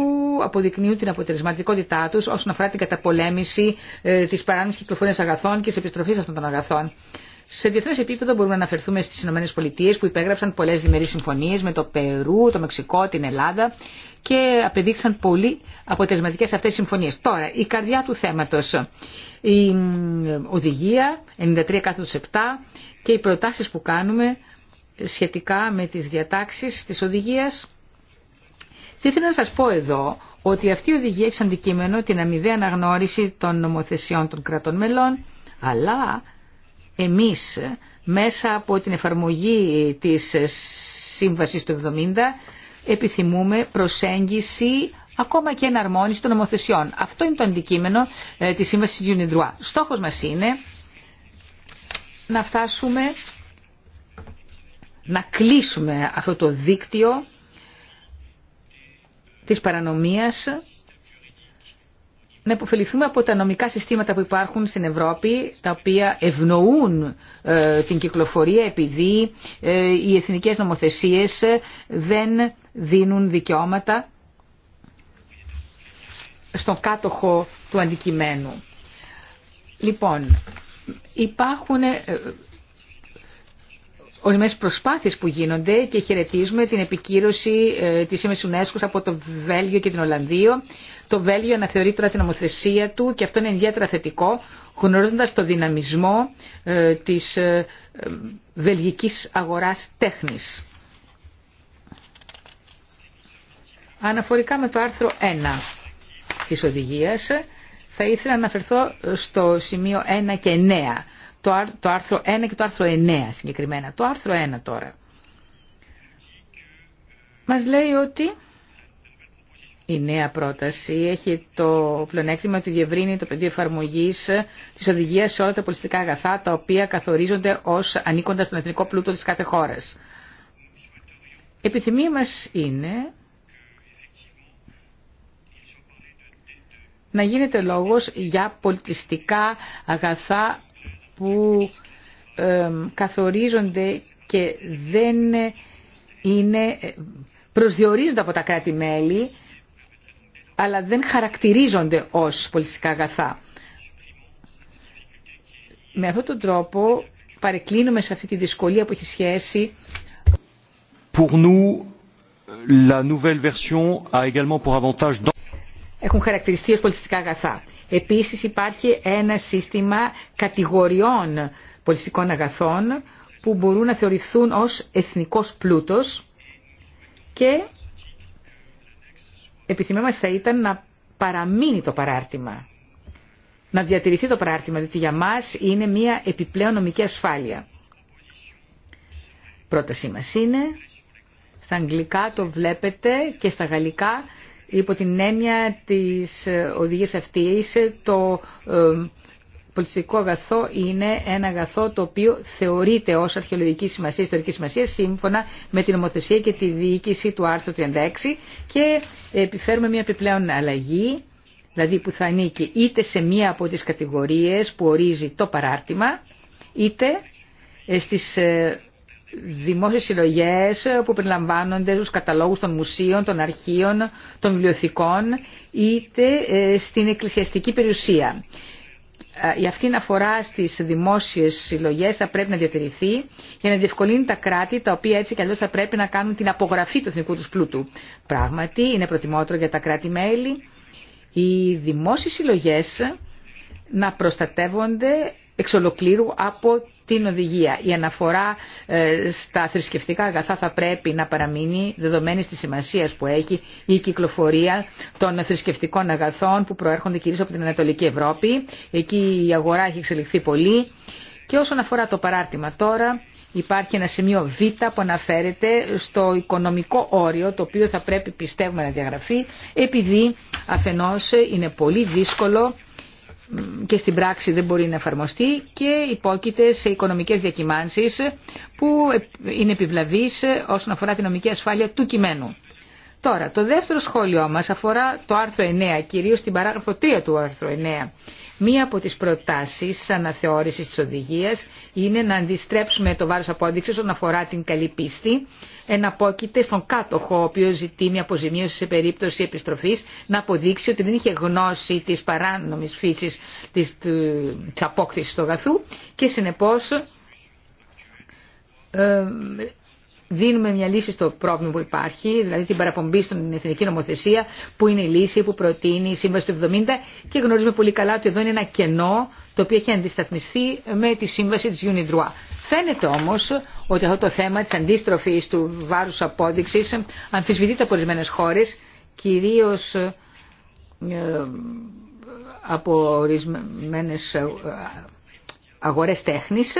που αποδεικνύουν την αποτελεσματικότητά του όσον αφορά την καταπολέμηση ε, τη παράνομη κυκλοφορία αγαθών και τη επιστροφή αυτών των αγαθών. Σε διεθνέ επίπεδο μπορούμε να αναφερθούμε στι ΗΠΑ που υπέγραψαν πολλέ διμερεί συμφωνίε με το Περού, το Μεξικό, την Ελλάδα και απεδείξαν πολύ αποτελεσματικέ αυτέ τι συμφωνίε. Τώρα, η καρδιά του θέματο. Η οδηγία 93 7 και οι προτάσει που κάνουμε σχετικά με τις διατάξεις της οδηγία. Θα ήθελα να σας πω εδώ ότι αυτή η οδηγία έχει αντικείμενο την αμοιβαία αναγνώριση των νομοθεσιών των κρατών μελών, αλλά εμείς μέσα από την εφαρμογή της Σύμβασης του 70 επιθυμούμε προσέγγιση ακόμα και εναρμόνιση των νομοθεσιών. Αυτό είναι το αντικείμενο ε, της Σύμβασης Unidroit. Στόχος μας είναι να φτάσουμε να κλείσουμε αυτό το δίκτυο της παρανομίας, να υποφεληθούμε από τα νομικά συστήματα που υπάρχουν στην Ευρώπη, τα οποία ευνοούν ε, την κυκλοφορία επειδή ε, οι εθνικές νομοθεσίες ε, δεν δίνουν δικαιώματα στον κάτοχο του αντικειμένου. Λοιπόν, υπάρχουν ορισμένες προσπάθειες που γίνονται και χαιρετίζουμε την επικύρωση ε, της ΕΜΕΣ UNESCO από το Βέλγιο και την Ολλανδία. Το Βέλγιο αναθεωρεί τώρα την ομοθεσία του και αυτό είναι ιδιαίτερα θετικό, γνωρίζοντας το δυναμισμό ε, της ε, βελγικής αγοράς τέχνης. Αναφορικά με το άρθρο 1 της οδηγίας, θα ήθελα να αναφερθώ στο σημείο 1 και 9 το άρθρο 1 και το άρθρο 9 συγκεκριμένα. Το άρθρο 1 τώρα. Μας λέει ότι η νέα πρόταση έχει το πλεονέκτημα ότι διευρύνει το πεδίο εφαρμογή τη οδηγία σε όλα τα πολιτιστικά αγαθά τα οποία καθορίζονται ω ανήκοντα στον εθνικό πλούτο τη κάθε χώρα. Επιθυμία μα είναι να γίνεται λόγος για πολιτιστικά αγαθά που καθορίζονται και δεν είναι, προσδιορίζονται από τα κράτη-μέλη, αλλά δεν χαρακτηρίζονται ως πολιτικά αγαθά. Με αυτόν τον τρόπο παρεκκλίνουμε σε αυτή τη δυσκολία που έχει σχέση. Pour nous, la nouvelle version a également pour έχουν χαρακτηριστεί ως πολιτιστικά αγαθά. Επίσης υπάρχει ένα σύστημα κατηγοριών πολιτιστικών αγαθών που μπορούν να θεωρηθούν ως εθνικός πλούτος και επιθυμία θα ήταν να παραμείνει το παράρτημα. Να διατηρηθεί το παράρτημα, διότι για μας είναι μια επιπλέον νομική ασφάλεια. Πρότασή μας είναι, στα αγγλικά το βλέπετε και στα γαλλικά υπό την έννοια της ε, οδηγίας αυτής ε, το ε, πολιτιστικό αγαθό είναι ένα αγαθό το οποίο θεωρείται ως αρχαιολογική σημασία, ιστορική σημασία σύμφωνα με την νομοθεσία και τη διοίκηση του άρθρου 36 και επιφέρουμε μια επιπλέον αλλαγή δηλαδή που θα ανήκει είτε σε μία από τις κατηγορίες που ορίζει το παράρτημα είτε στις δημόσιες συλλογές που περιλαμβάνονται στους καταλόγους των μουσείων, των αρχείων, των βιβλιοθηκών είτε ε, στην εκκλησιαστική περιουσία. Ε, η αυτήν αφορά στις δημόσιες συλλογέ θα πρέπει να διατηρηθεί για να διευκολύνει τα κράτη τα οποία έτσι κι αλλιώ θα πρέπει να κάνουν την απογραφή του εθνικού του πλούτου. Πράγματι είναι προτιμότερο για τα κράτη-μέλη οι δημόσιε συλλογέ να προστατεύονται εξ ολοκλήρου από την οδηγία. Η αναφορά ε, στα θρησκευτικά αγαθά θα πρέπει να παραμείνει δεδομένη τη σημασία που έχει η κυκλοφορία των θρησκευτικών αγαθών που προέρχονται κυρίως από την Ανατολική Ευρώπη. Εκεί η αγορά έχει εξελιχθεί πολύ. Και όσον αφορά το παράρτημα τώρα, υπάρχει ένα σημείο Β που αναφέρεται στο οικονομικό όριο, το οποίο θα πρέπει πιστεύουμε να διαγραφεί, επειδή αφενός είναι πολύ δύσκολο και στην πράξη δεν μπορεί να εφαρμοστεί και υπόκειται σε οικονομικές διακυμάνσεις που είναι επιβλαβείς όσον αφορά την νομική ασφάλεια του κειμένου. Τώρα, το δεύτερο σχόλιο μας αφορά το άρθρο 9, κυρίως την παράγραφο 3 του άρθρου 9, Μία από τις προτάσεις αναθεώρησης της οδηγίας είναι να αντιστρέψουμε το βάρος απόδειξης όσον αφορά την καλή πίστη, εναπόκειται στον κάτοχο, ο οποίος ζητεί μια αποζημίωση σε περίπτωση επιστροφής, να αποδείξει ότι δεν είχε γνώση της παράνομης φύσης της, της απόκτησης του αγαθού και συνεπώς ε, δίνουμε μια λύση στο πρόβλημα που υπάρχει, δηλαδή την παραπομπή στην εθνική νομοθεσία, που είναι η λύση που προτείνει η Σύμβαση του 70 και γνωρίζουμε πολύ καλά ότι εδώ είναι ένα κενό το οποίο έχει αντισταθμιστεί με τη Σύμβαση της UNIDROIT. Φαίνεται όμως ότι αυτό το θέμα της αντίστροφης του βάρους απόδειξη αμφισβητείται από ορισμένε χώρε, κυρίω ε, από ορισμένες ε, αγορές τέχνης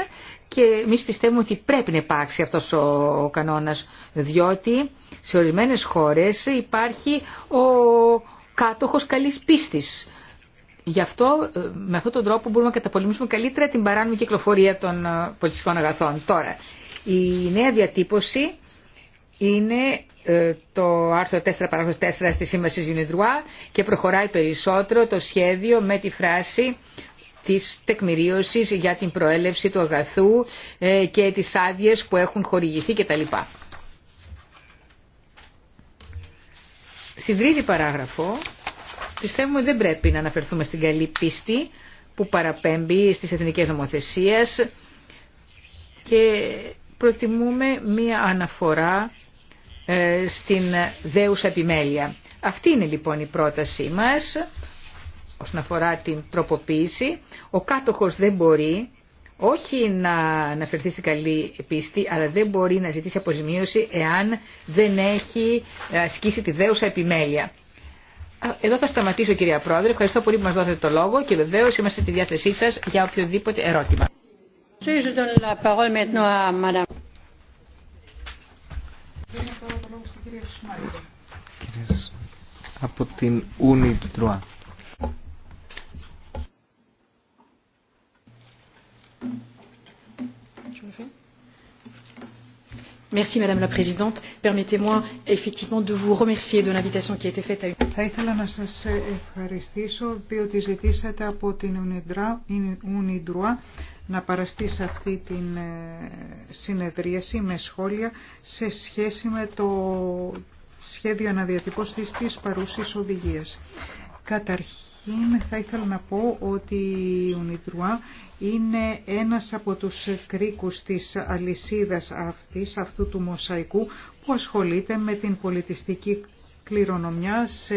και εμεί πιστεύουμε ότι πρέπει να υπάρξει αυτός ο κανόνας διότι σε ορισμένες χώρες υπάρχει ο κάτοχος καλής πίστης. Γι' αυτό, ε, με αυτόν τον τρόπο μπορούμε να καταπολεμήσουμε καλύτερα την παράνομη κυκλοφορία των ε, πολιτιστικών αγαθών. Τώρα, η νέα διατύπωση είναι ε, το άρθρο 4 παράγραφος 4 στη σύμβαση Γιουνιδρουά και προχωράει περισσότερο το σχέδιο με τη φράση της τεκμηρίωσης για την προέλευση του αγαθού ε, και τις άδειε που έχουν χορηγηθεί κτλ. Στην τρίτη παράγραφο πιστεύουμε ότι δεν πρέπει να αναφερθούμε στην καλή πίστη που παραπέμπει στις εθνικές νομοθεσίες και προτιμούμε μία αναφορά ε, στην δέουσα επιμέλεια. Αυτή είναι λοιπόν η πρότασή μας όσον αφορά την τροποποίηση, ο κάτοχος δεν μπορεί όχι να αναφερθεί στην καλή πίστη, αλλά δεν μπορεί να ζητήσει αποζημίωση εάν δεν έχει ε, ασκήσει τη δέουσα επιμέλεια. Εδώ θα σταματήσω κυρία Πρόεδρε. Ευχαριστώ πολύ που μας δώσατε το λόγο και βεβαίως είμαστε στη διάθεσή σας για οποιοδήποτε ερώτημα. Από την Ούνη του Τρουά. Merci Madame la Présidente. Permettez-moi effectivement de vous remercier de l'invitation qui a été faite à une... Θα ήθελα να σας ευχαριστήσω διότι ζητήσατε από την UNIDROIT να παραστεί σε αυτή την ε, συνεδρίαση με σχόλια σε σχέση με το σχέδιο αναδιατυπώσης της παρούσης οδηγίας. Καταρχήν θα ήθελα να πω ότι η UNIDROIT είναι ένας από τους κρίκους της αλυσίδας αυτής, αυτού του μοσαϊκού, που ασχολείται με την πολιτιστική κληρονομιά σε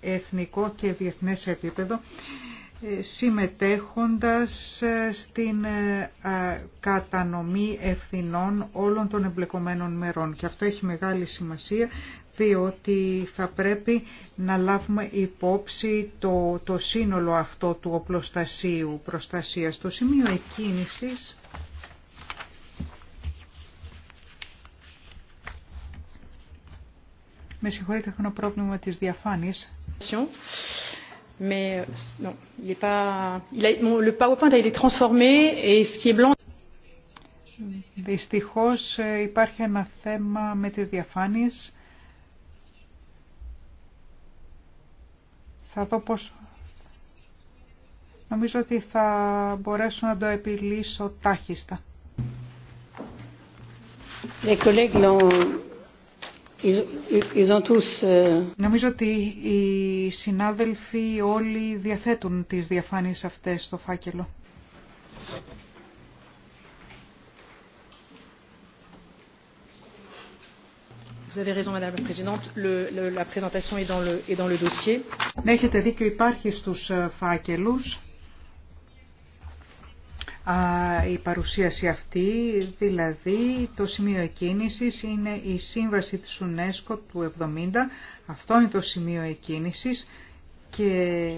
εθνικό και διεθνές επίπεδο, ε, συμμετέχοντας ε, στην ε, κατανομή ευθυνών όλων των εμπλεκομένων μερών. Και αυτό έχει μεγάλη σημασία, διότι θα πρέπει να λάβουμε υπόψη το, το σύνολο αυτό του οπλοστασίου προστασίας. Το σημείο εκκίνησης Με συγχωρείτε, έχω ένα πρόβλημα της τις Mais Δυστυχώς υπάρχει ένα θέμα με τις διαφάνειες. Θα δω πώς... Νομίζω ότι θα μπορέσω να το επιλύσω τάχιστα. Euh, Νομίζω ότι οι συνάδελφοι όλοι διαθέτουν τις διαφάνειες αυτές στο φάκελο. Vous avez raison, Madame Έχετε δίκιο, υπάρχει στους ε, φάκελους η παρουσίαση αυτή, δηλαδή το σημείο εκκίνησης είναι η σύμβαση της UNESCO του 70. Αυτό είναι το σημείο εκκίνησης και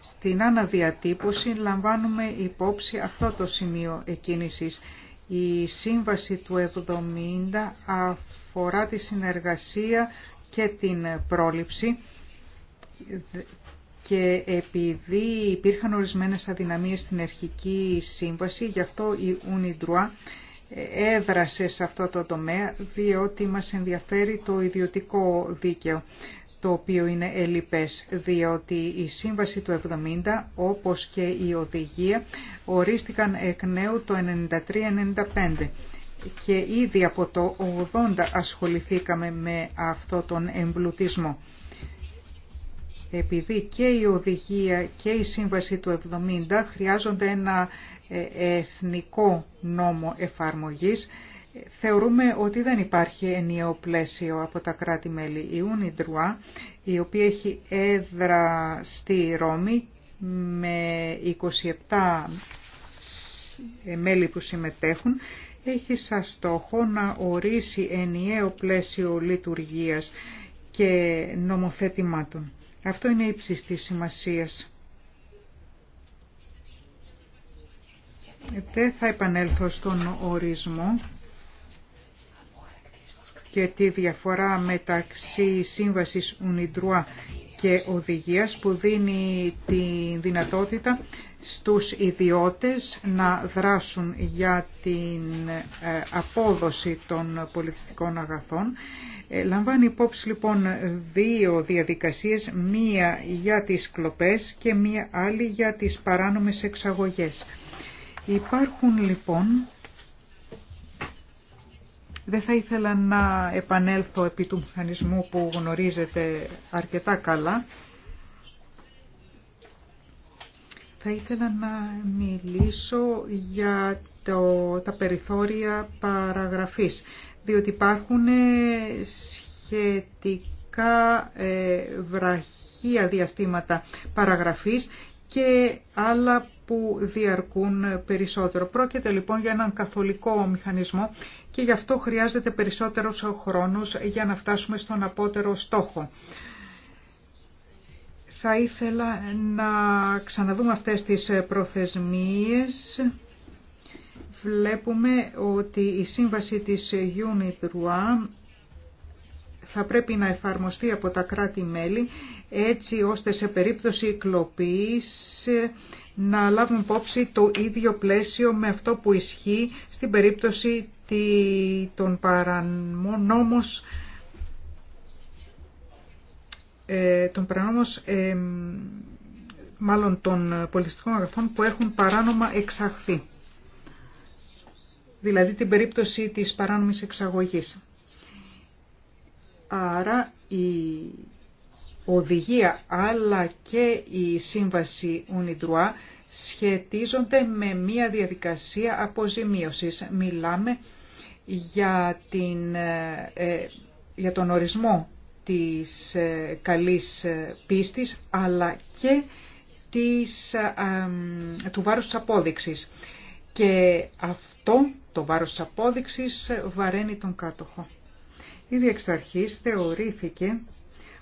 στην αναδιατύπωση λαμβάνουμε υπόψη αυτό το σημείο εκκίνησης η σύμβαση του 70 αφορά τη συνεργασία και την πρόληψη και επειδή υπήρχαν ορισμένες αδυναμίες στην αρχική σύμβαση, γι' αυτό η UNIDROIT έδρασε σε αυτό το τομέα, διότι μας ενδιαφέρει το ιδιωτικό δίκαιο το οποίο είναι ελλειπές, διότι η Σύμβαση του 70, όπως και η Οδηγία, ορίστηκαν εκ νέου το 93-95 και ήδη από το 80 ασχοληθήκαμε με αυτό τον εμπλουτισμό. Επειδή και η Οδηγία και η Σύμβαση του 70 χρειάζονται ένα ε, εθνικό νόμο εφαρμογής, Θεωρούμε ότι δεν υπάρχει ενιαίο πλαίσιο από τα κράτη-μέλη. Η UNIDROIT, η οποία έχει έδρα στη Ρώμη με 27 μέλη που συμμετέχουν, έχει σαν στόχο να ορίσει ενιαίο πλαίσιο λειτουργίας και νομοθετημάτων. Αυτό είναι ύψης της σημασίας. Δεν θα επανέλθω στον ορισμό και τη διαφορά μεταξύ σύμβασης UNIDROIT και οδηγίας που δίνει τη δυνατότητα στους ιδιώτες να δράσουν για την ε, απόδοση των πολιτιστικών αγαθών. Ε, λαμβάνει υπόψη λοιπόν δύο διαδικασίες, μία για τις κλοπές και μία άλλη για τις παράνομες εξαγωγές. Υπάρχουν λοιπόν δεν θα ήθελα να επανέλθω επί του μηχανισμού που γνωρίζετε αρκετά καλά. Θα ήθελα να μιλήσω για τα περιθώρια παραγραφής, διότι υπάρχουν σχετικά ε, βραχία διαστήματα παραγραφής και άλλα που διαρκούν περισσότερο. Πρόκειται λοιπόν για έναν καθολικό μηχανισμό και γι' αυτό χρειάζεται περισσότερος χρόνος για να φτάσουμε στον απότερο στόχο. Θα ήθελα να ξαναδούμε αυτές τις προθεσμίες. Βλέπουμε ότι η σύμβαση της UNIDROIT θα πρέπει να εφαρμοστεί από τα κράτη-μέλη έτσι ώστε σε περίπτωση κλοπής να λάβουν υπόψη το ίδιο πλαίσιο με αυτό που ισχύει στην περίπτωση αυτή ε, τον των ε, μάλλον των πολιτιστικών αγαθών που έχουν παράνομα εξαχθεί. Δηλαδή την περίπτωση της παράνομης εξαγωγής. Άρα η οδηγία αλλά και η σύμβαση UNIDROIT σχετίζονται με μία διαδικασία αποζημίωσης. Μιλάμε για, την, ε, ε, για τον ορισμό της ε, καλής πίστης αλλά και του βάρους της απόδειξης. Και αυτό το βάρος της απόδειξης βαραίνει τον κάτοχο. Ήδη εξ αρχής θεωρήθηκε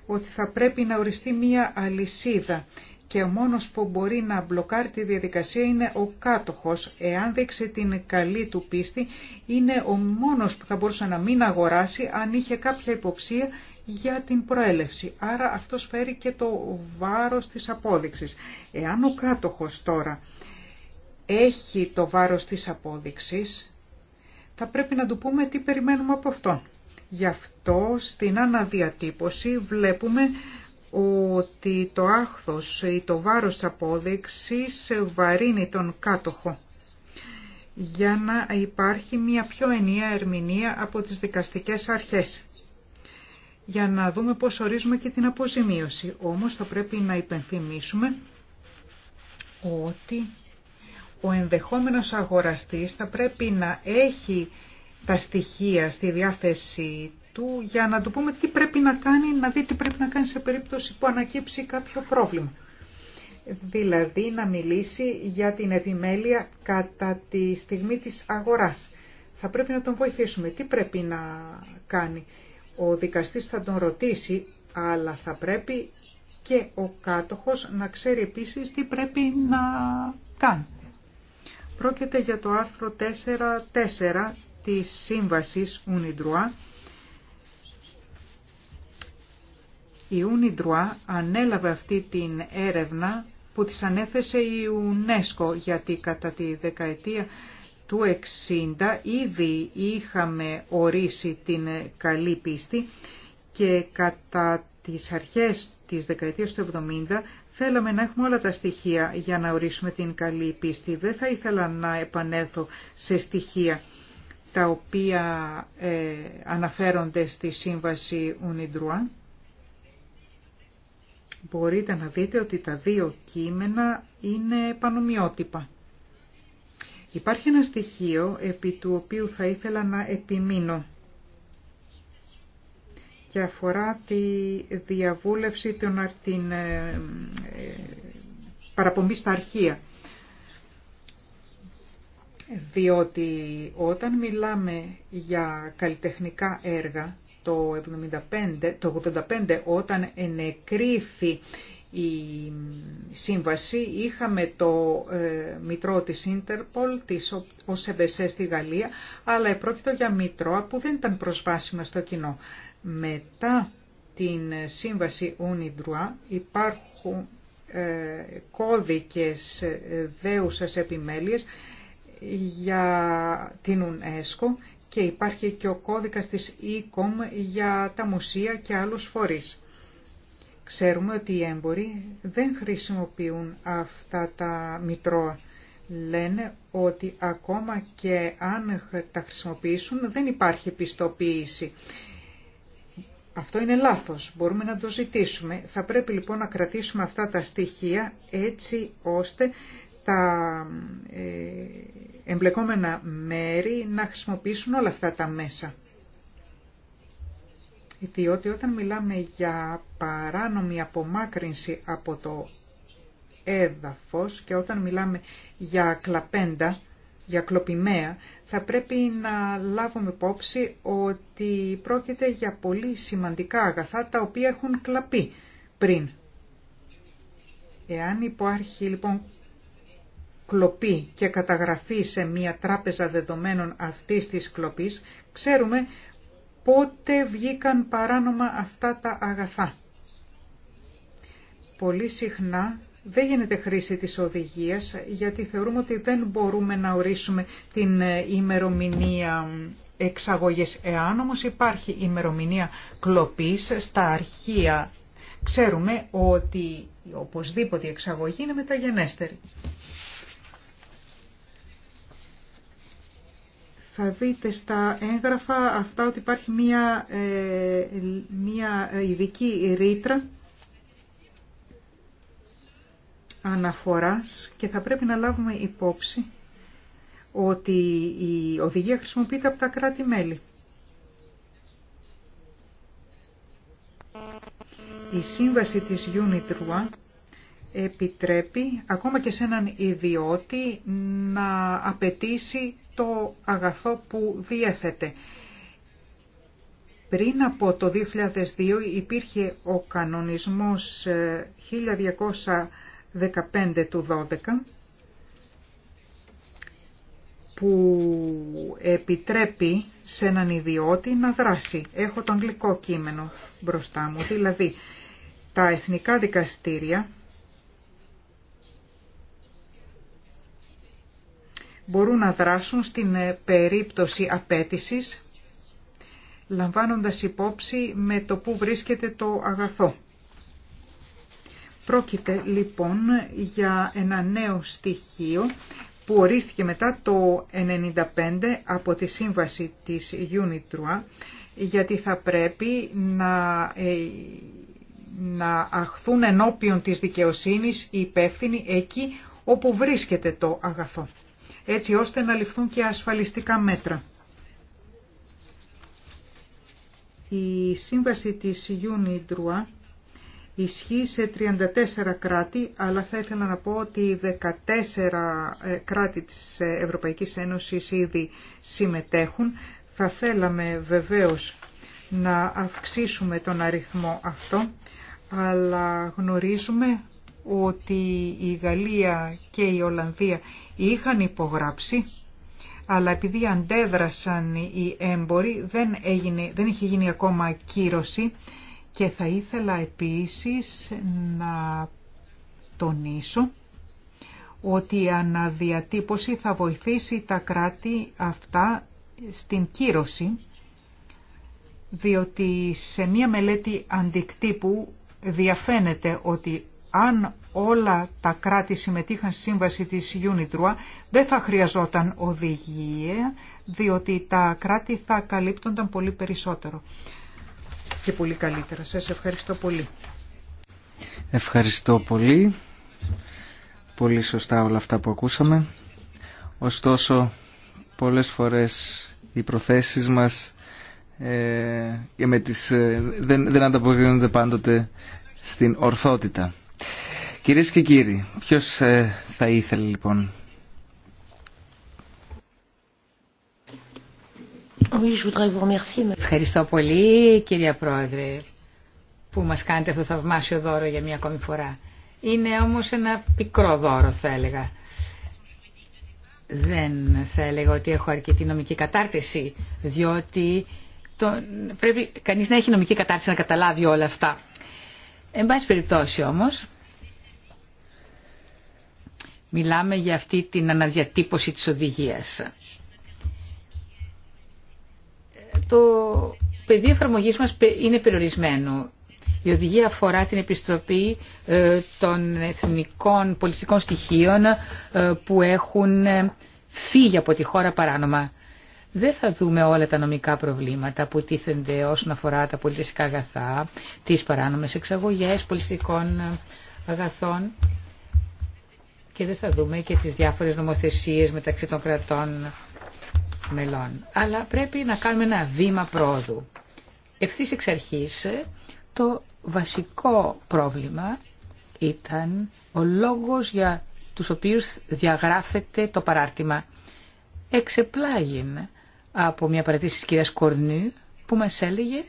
ότι θα πρέπει να οριστεί μία αλυσίδα και ο μόνος που μπορεί να μπλοκάρει τη διαδικασία είναι ο κάτοχος. Εάν δείξει την καλή του πίστη, είναι ο μόνος που θα μπορούσε να μην αγοράσει αν είχε κάποια υποψία για την προέλευση. Άρα αυτό φέρει και το βάρος της απόδειξης. Εάν ο κάτοχος τώρα έχει το βάρος της απόδειξης, θα πρέπει να του πούμε τι περιμένουμε από αυτόν. Γι' αυτό στην αναδιατύπωση βλέπουμε ότι το άχθος ή το βάρος απόδειξης βαρύνει τον κάτοχο για να υπάρχει μια πιο ενιαία ερμηνεία από τις δικαστικές αρχές. Για να δούμε πώς ορίζουμε και την αποζημίωση. Όμως θα πρέπει να υπενθυμίσουμε ότι ο ενδεχόμενος αγοραστής θα πρέπει να έχει τα στοιχεία στη διάθεσή του για να του πούμε τι πρέπει να κάνει, να δει τι πρέπει να κάνει σε περίπτωση που ανακύψει κάποιο πρόβλημα. Δηλαδή να μιλήσει για την επιμέλεια κατά τη στιγμή της αγοράς. Θα πρέπει να τον βοηθήσουμε. Τι πρέπει να κάνει. Ο δικαστής θα τον ρωτήσει, αλλά θα πρέπει και ο κάτοχος να ξέρει επίσης τι πρέπει να κάνει. Πρόκειται για το άρθρο 4.4 της Σύμβασης UNIDROIT Η UNIDROIT ανέλαβε αυτή την έρευνα που της ανέθεσε η UNESCO γιατί κατά τη δεκαετία του 60 ήδη είχαμε ορίσει την καλή πίστη και κατά τις αρχές της δεκαετίας του 70 θέλαμε να έχουμε όλα τα στοιχεία για να ορίσουμε την καλή πίστη. Δεν θα ήθελα να επανέλθω σε στοιχεία τα οποία ε, αναφέρονται στη σύμβαση UNIDROIT μπορείτε να δείτε ότι τα δύο κείμενα είναι πανομοιότυπα. Υπάρχει ένα στοιχείο επί του οποίου θα ήθελα να επιμείνω και αφορά τη διαβούλευση των ε, ε, παραπομπή στα αρχεία. Διότι όταν μιλάμε για καλλιτεχνικά έργα, το, 1985 το 85 όταν ενεκρίθη η σύμβαση είχαμε το ε, μητρό της Ίντερπολ, της ΟΣΕΒΕΣΕ στη Γαλλία, αλλά επρόκειτο για Μητρό που δεν ήταν προσβάσιμα στο κοινό. Μετά την σύμβαση UNIDROIT υπάρχουν ε, κώδικες ε, δέουσας επιμέλειες για την UNESCO και υπάρχει και ο κώδικας της e-com για τα μουσεία και άλλους φορείς. Ξέρουμε ότι οι έμποροι δεν χρησιμοποιούν αυτά τα μητρώα. Λένε ότι ακόμα και αν τα χρησιμοποιήσουν δεν υπάρχει πιστοποίηση. Αυτό είναι λάθος, μπορούμε να το ζητήσουμε. Θα πρέπει λοιπόν να κρατήσουμε αυτά τα στοιχεία έτσι ώστε τα ε, εμπλεκόμενα μέρη να χρησιμοποιήσουν όλα αυτά τα μέσα. Διότι όταν μιλάμε για παράνομη απομάκρυνση από το έδαφος και όταν μιλάμε για κλαπέντα, για κλοπημαία, θα πρέπει να λάβουμε υπόψη ότι πρόκειται για πολύ σημαντικά αγαθά τα οποία έχουν κλαπεί πριν. Εάν υπάρχει λοιπόν κλοπή και καταγραφή σε μια τράπεζα δεδομένων αυτής της κλοπής, ξέρουμε πότε βγήκαν παράνομα αυτά τα αγαθά. Πολύ συχνά δεν γίνεται χρήση της οδηγίας γιατί θεωρούμε ότι δεν μπορούμε να ορίσουμε την ημερομηνία εξαγωγής. Εάν όμως υπάρχει ημερομηνία κλοπής στα αρχεία, ξέρουμε ότι οπωσδήποτε η εξαγωγή είναι μεταγενέστερη. θα δείτε στα έγγραφα αυτά ότι υπάρχει μία, ε, μία ειδική ρήτρα αναφοράς και θα πρέπει να λάβουμε υπόψη ότι η οδηγία χρησιμοποιείται από τα κράτη-μέλη. Η σύμβαση της UNITRUA επιτρέπει ακόμα και σε έναν ιδιώτη να απαιτήσει το αγαθό που διέθετε. Πριν από το 2002 υπήρχε ο κανονισμός 1215 ε, του 12 που επιτρέπει σε έναν ιδιώτη να δράσει. Έχω το αγγλικό κείμενο μπροστά μου, δηλαδή τα εθνικά δικαστήρια μπορούν να δράσουν στην ε, περίπτωση απέτησης, λαμβάνοντας υπόψη με το που βρίσκεται το αγαθό. Πρόκειται λοιπόν για ένα νέο στοιχείο που ορίστηκε μετά το 1995 από τη σύμβαση της UNITRUA, γιατί θα πρέπει να, ε, να αχθούν ενώπιον της δικαιοσύνης οι υπεύθυνοι εκεί όπου βρίσκεται το αγαθό έτσι ώστε να ληφθούν και ασφαλιστικά μέτρα. Η σύμβαση της UNIDROIT ισχύει σε 34 κράτη, αλλά θα ήθελα να πω ότι 14 ε, κράτη της Ευρωπαϊκής Ένωσης ήδη συμμετέχουν. Θα θέλαμε βεβαίως να αυξήσουμε τον αριθμό αυτό, αλλά γνωρίζουμε ότι η Γαλλία και η Ολλανδία είχαν υπογράψει, αλλά επειδή αντέδρασαν οι έμποροι δεν, έγινε, δεν είχε γίνει ακόμα κύρωση και θα ήθελα επίσης να τονίσω ότι η αναδιατύπωση θα βοηθήσει τα κράτη αυτά στην κύρωση, διότι σε μία μελέτη αντικτύπου διαφαίνεται ότι αν όλα τα κράτη συμμετείχαν στη σύμβαση της UNITRUA, δεν θα χρειαζόταν οδηγία, διότι τα κράτη θα καλύπτονταν πολύ περισσότερο και πολύ καλύτερα. Σας ευχαριστώ πολύ. Ευχαριστώ πολύ. Πολύ σωστά όλα αυτά που ακούσαμε. Ωστόσο, πολλές φορές οι προθέσεις μας ε, με τις, ε, δεν, δεν ανταποκρίνονται πάντοτε στην ορθότητα. Κυρίες και κύριοι, ποιος ε, θα ήθελε λοιπόν... Ευχαριστώ πολύ κυρία Πρόεδρε που μας κάνετε αυτό το θαυμάσιο δώρο για μια ακόμη φορά. Είναι όμως ένα πικρό δώρο θα έλεγα. Δεν θα έλεγα ότι έχω αρκετή νομική κατάρτιση διότι το... πρέπει κανείς να έχει νομική κατάρτιση να καταλάβει όλα αυτά. Εν πάση περιπτώσει όμως, μιλάμε για αυτή την αναδιατύπωση της οδηγίας. Το πεδίο εφαρμογής μας είναι περιορισμένο. Η οδηγία αφορά την επιστροφή ε, των εθνικών πολιτικών στοιχείων ε, που έχουν ε, φύγει από τη χώρα παράνομα δεν θα δούμε όλα τα νομικά προβλήματα που τίθενται όσον αφορά τα πολιτιστικά αγαθά, τις παράνομες εξαγωγές πολιτιστικών αγαθών και δεν θα δούμε και τις διάφορες νομοθεσίες μεταξύ των κρατών μελών. Αλλά πρέπει να κάνουμε ένα βήμα πρόοδου. Ευθύς εξ αρχής το βασικό πρόβλημα ήταν ο λόγος για τους οποίους διαγράφεται το παράρτημα εξεπλάγιν από μια παρατήρηση της κυρίας Κορνού που μας έλεγε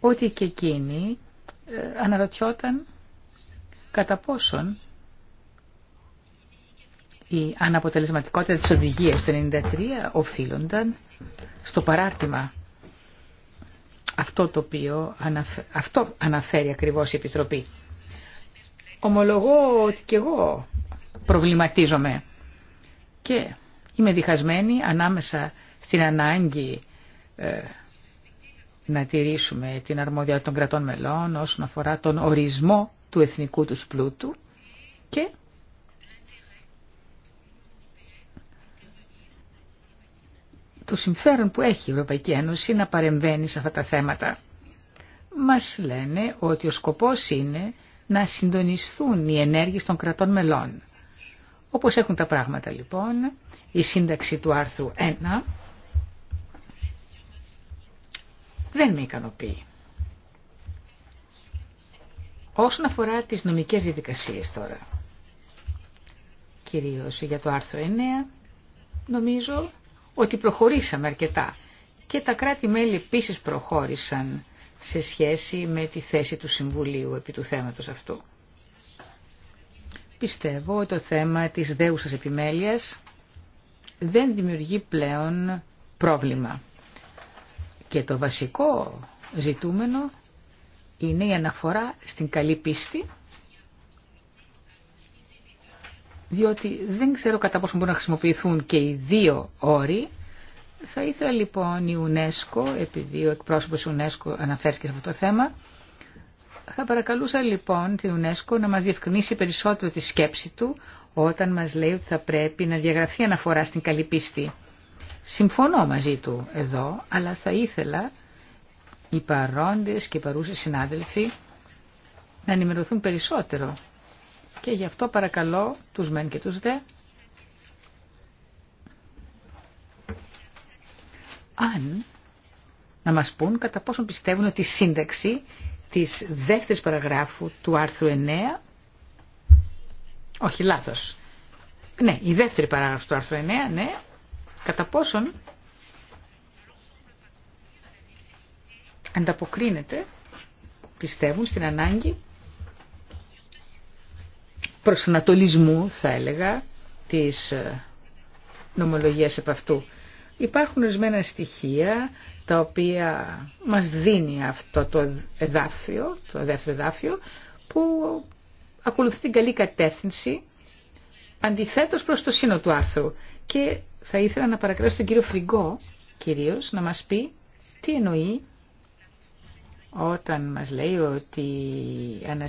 ότι και εκείνη ε, αναρωτιόταν κατά πόσον η αναποτελεσματικότητα της οδηγίας του 1993 οφείλονταν στο παράρτημα αυτό το οποίο αυτό αναφέρει ακριβώς η Επιτροπή. Ομολογώ ότι και εγώ προβληματίζομαι και είμαι διχασμένη ανάμεσα την ανάγκη ε, να τηρήσουμε την αρμόδια των κρατών μελών όσον αφορά τον ορισμό του εθνικού τους πλούτου και το συμφέρον που έχει η Ευρωπαϊκή Ένωση να παρεμβαίνει σε αυτά τα θέματα. Μας λένε ότι ο σκοπός είναι να συντονιστούν οι ενέργειες των κρατών μελών. Όπως έχουν τα πράγματα λοιπόν, η σύνταξη του άρθρου 1 δεν με ικανοποιεί. Όσον αφορά τις νομικές διαδικασίες τώρα, κυρίως για το άρθρο 9, νομίζω ότι προχωρήσαμε αρκετά και τα κράτη-μέλη επίσης προχώρησαν σε σχέση με τη θέση του Συμβουλίου επί του θέματος αυτού. Πιστεύω ότι το θέμα της δέουσας επιμέλειας δεν δημιουργεί πλέον πρόβλημα. Και το βασικό ζητούμενο είναι η αναφορά στην καλή πίστη, διότι δεν ξέρω κατά πόσο μπορούν να χρησιμοποιηθούν και οι δύο όροι. Θα ήθελα λοιπόν η UNESCO, επειδή ο εκπρόσωπος UNESCO αναφέρθηκε σε αυτό το θέμα, θα παρακαλούσα λοιπόν την UNESCO να μας διευκρινίσει περισσότερο τη σκέψη του όταν μας λέει ότι θα πρέπει να διαγραφεί αναφορά στην καλή πίστη. Συμφωνώ μαζί του εδώ, αλλά θα ήθελα οι παρόντες και οι παρούσες συνάδελφοι να ενημερωθούν περισσότερο. Και γι' αυτό παρακαλώ τους μεν και τους δε. Αν να μας πούν κατά πόσον πιστεύουν ότι η σύνταξη της δεύτερης παραγράφου του άρθρου 9, όχι λάθος, ναι, η δεύτερη παράγραφος του άρθρου 9, ναι, κατά πόσον ανταποκρίνεται, πιστεύουν, στην ανάγκη προσανατολισμού, θα έλεγα, της ε, νομολογίας επ' αυτού. Υπάρχουν ορισμένα στοιχεία τα οποία μας δίνει αυτό το εδάφιο, το δεύτερο εδάφιο, που ακολουθεί την καλή κατεύθυνση αντιθέτως προς το σύνο του άρθρου. Και θα ήθελα να παρακράσω τον κύριο Φρυγκό κυρίως να μας πει τι εννοεί όταν μας λέει ότι ένα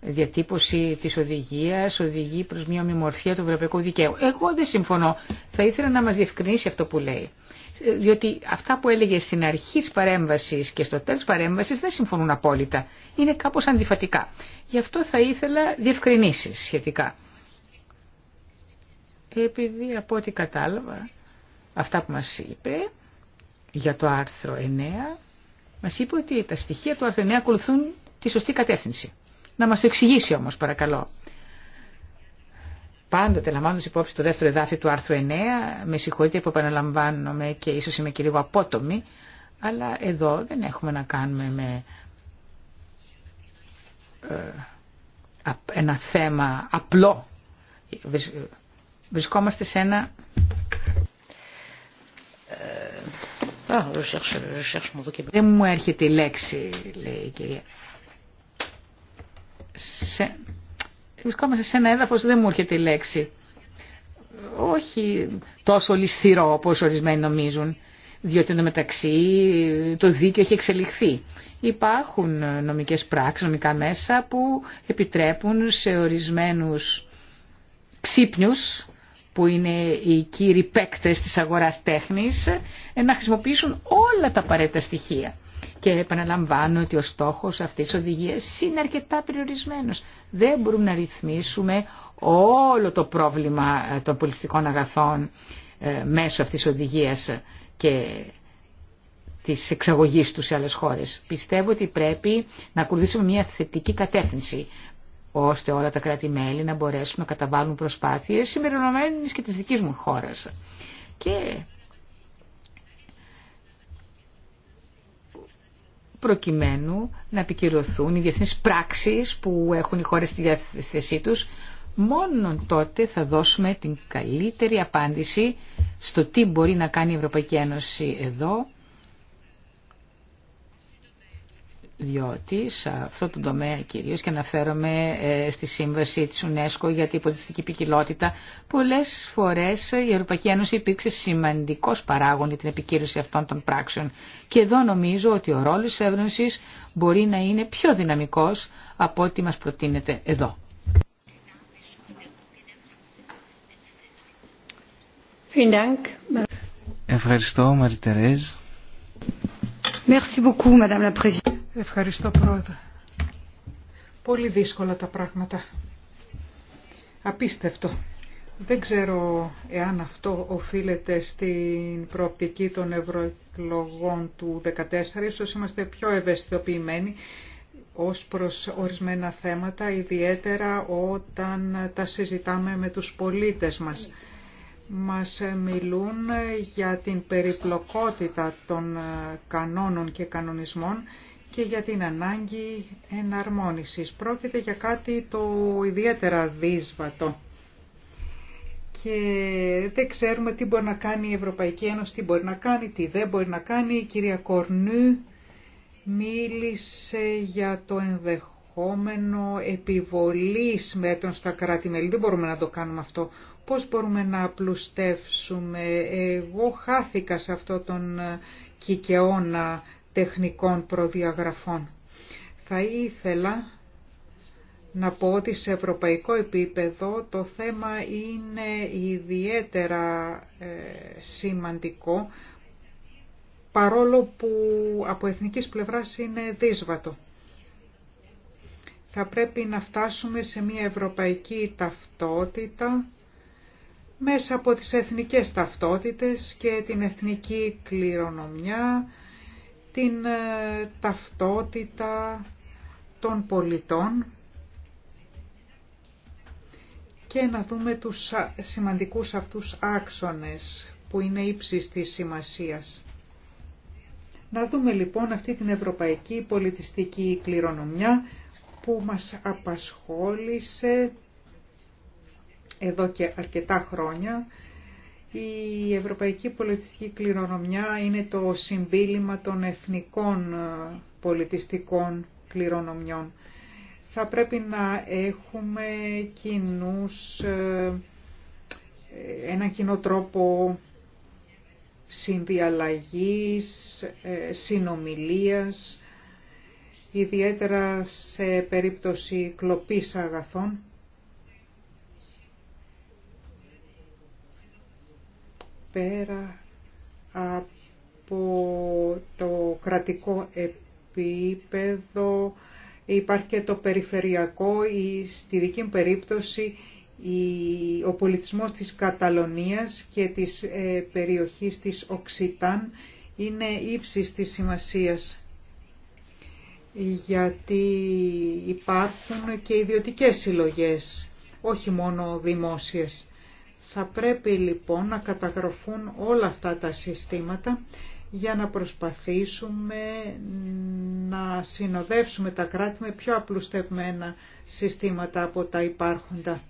διατύπωση της οδηγίας οδηγεί προς μια ομιμορφία του ευρωπαϊκού δικαίου. Εγώ δεν συμφωνώ. Θα ήθελα να μας διευκρινίσει αυτό που λέει. Διότι αυτά που έλεγε στην αρχή της παρέμβασης και στο τέλος της δεν συμφωνούν απόλυτα. Είναι κάπως αντιφατικά. Γι' αυτό θα ήθελα διευκρινήσεις σχετικά επειδή από ό,τι κατάλαβα αυτά που μας είπε για το άρθρο 9, μας είπε ότι τα στοιχεία του άρθρου 9 ακολουθούν τη σωστή κατεύθυνση. Να μας εξηγήσει όμως παρακαλώ. Πάντοτε λαμβάνοντας υπόψη το δεύτερο εδάφιο του άρθρου 9, με συγχωρείτε που επαναλαμβάνομαι και ίσως είμαι και λίγο απότομη, αλλά εδώ δεν έχουμε να κάνουμε με ε, ένα θέμα απλό Βρισκόμαστε σε ένα... Ε, δεν μου έρχεται η λέξη, λέει κυρία. Βρισκόμαστε σε ένα έδαφος, δεν μου έρχεται η λέξη. Όχι τόσο ληστηρό όπως ορισμένοι νομίζουν, διότι εν μεταξύ το δίκαιο έχει εξελιχθεί. Υπάρχουν νομικές πράξεις, νομικά μέσα που επιτρέπουν σε ορισμένους ξύπνιους που είναι οι κύριοι παίκτες της αγοράς τέχνης, ε, να χρησιμοποιήσουν όλα τα απαραίτητα στοιχεία. Και επαναλαμβάνω ότι ο στόχος αυτής της οδηγίας είναι αρκετά περιορισμένος. Δεν μπορούμε να ρυθμίσουμε όλο το πρόβλημα ε, των πολιτιστικών αγαθών ε, μέσω αυτής της οδηγίας και της εξαγωγής του σε άλλες χώρες. Πιστεύω ότι πρέπει να ακολουθήσουμε μια θετική κατεύθυνση ώστε όλα τα κράτη-μέλη να μπορέσουν να καταβάλουν προσπάθειες συμπεριλαμβανομένης και της δικής μου χώρας. Και προκειμένου να επικυρωθούν οι διεθνείς πράξεις που έχουν οι χώρες στη διάθεσή τους, μόνο τότε θα δώσουμε την καλύτερη απάντηση στο τι μπορεί να κάνει η Ευρωπαϊκή Ένωση εδώ διότι σε αυτό το τομέα κυρίως και αναφέρομαι ε, στη σύμβαση της UNESCO για την πολιτιστική ποικιλότητα, πολλές φορές η Ευρωπαϊκή Ένωση υπήρξε σημαντικός παράγων για την επικύρωση αυτών των πράξεων. Και εδώ νομίζω ότι ο ρόλος της Εύρωσης μπορεί να είναι πιο δυναμικός από ό,τι μας προτείνεται εδώ. Ευχαριστώ, Μαρή Τερέζ. Merci beaucoup, Madame la Présidente. Ευχαριστώ πρόεδρε. Πολύ δύσκολα τα πράγματα. Απίστευτο. Δεν ξέρω εάν αυτό οφείλεται στην προοπτική των ευρωεκλογών του 2014. Ίσως είμαστε πιο ευαισθητοποιημένοι ως προς ορισμένα θέματα, ιδιαίτερα όταν τα συζητάμε με τους πολίτες μας. Μας μιλούν για την περιπλοκότητα των κανόνων και κανονισμών και για την ανάγκη εναρμόνισης. Πρόκειται για κάτι το ιδιαίτερα δύσβατο και δεν ξέρουμε τι μπορεί να κάνει η Ευρωπαϊκή Ένωση, τι μπορεί να κάνει, τι δεν μπορεί να κάνει. Η κυρία Κορνού μίλησε για το ενδεχόμενο επιβολής μέτρων στα κράτη-μέλη. Δεν μπορούμε να το κάνουμε αυτό. Πώς μπορούμε να απλουστεύσουμε. Εγώ χάθηκα σε αυτό τον κικαιώνα τεχνικών προδιαγραφών. Θα ήθελα να πω ότι σε ευρωπαϊκό επίπεδο το θέμα είναι ιδιαίτερα ε, σημαντικό παρόλο που από εθνικής πλευράς είναι δύσβατο. Θα πρέπει να φτάσουμε σε μια ευρωπαϊκή ταυτότητα μέσα από τις εθνικές ταυτότητες και την εθνική κληρονομιά, την ε, ταυτότητα των πολιτών και να δούμε τους σημαντικούς αυτούς άξονες που είναι ύψης της σημασίας. Να δούμε λοιπόν αυτή την ευρωπαϊκή πολιτιστική κληρονομιά που μας απασχόλησε εδώ και αρκετά χρόνια η ευρωπαϊκή πολιτιστική κληρονομιά είναι το συμπίλημα των εθνικών ε, πολιτιστικών κληρονομιών. Θα πρέπει να έχουμε κοινούς, ε, έναν κοινό τρόπο συνδιαλλαγής, ε, συνομιλίας, ιδιαίτερα σε περίπτωση κλοπής αγαθών πέρα από το κρατικό επίπεδο υπάρχει και το περιφερειακό ή στη δική μου περίπτωση ο πολιτισμός της Καταλωνίας και της ε, περιοχής της Οξιτάν είναι ύψης της σημασίας γιατί υπάρχουν και ιδιωτικές συλλογές, όχι μόνο δημόσιες. Θα πρέπει λοιπόν να καταγραφούν όλα αυτά τα συστήματα για να προσπαθήσουμε να συνοδεύσουμε τα κράτη με πιο απλουστευμένα συστήματα από τα υπάρχοντα.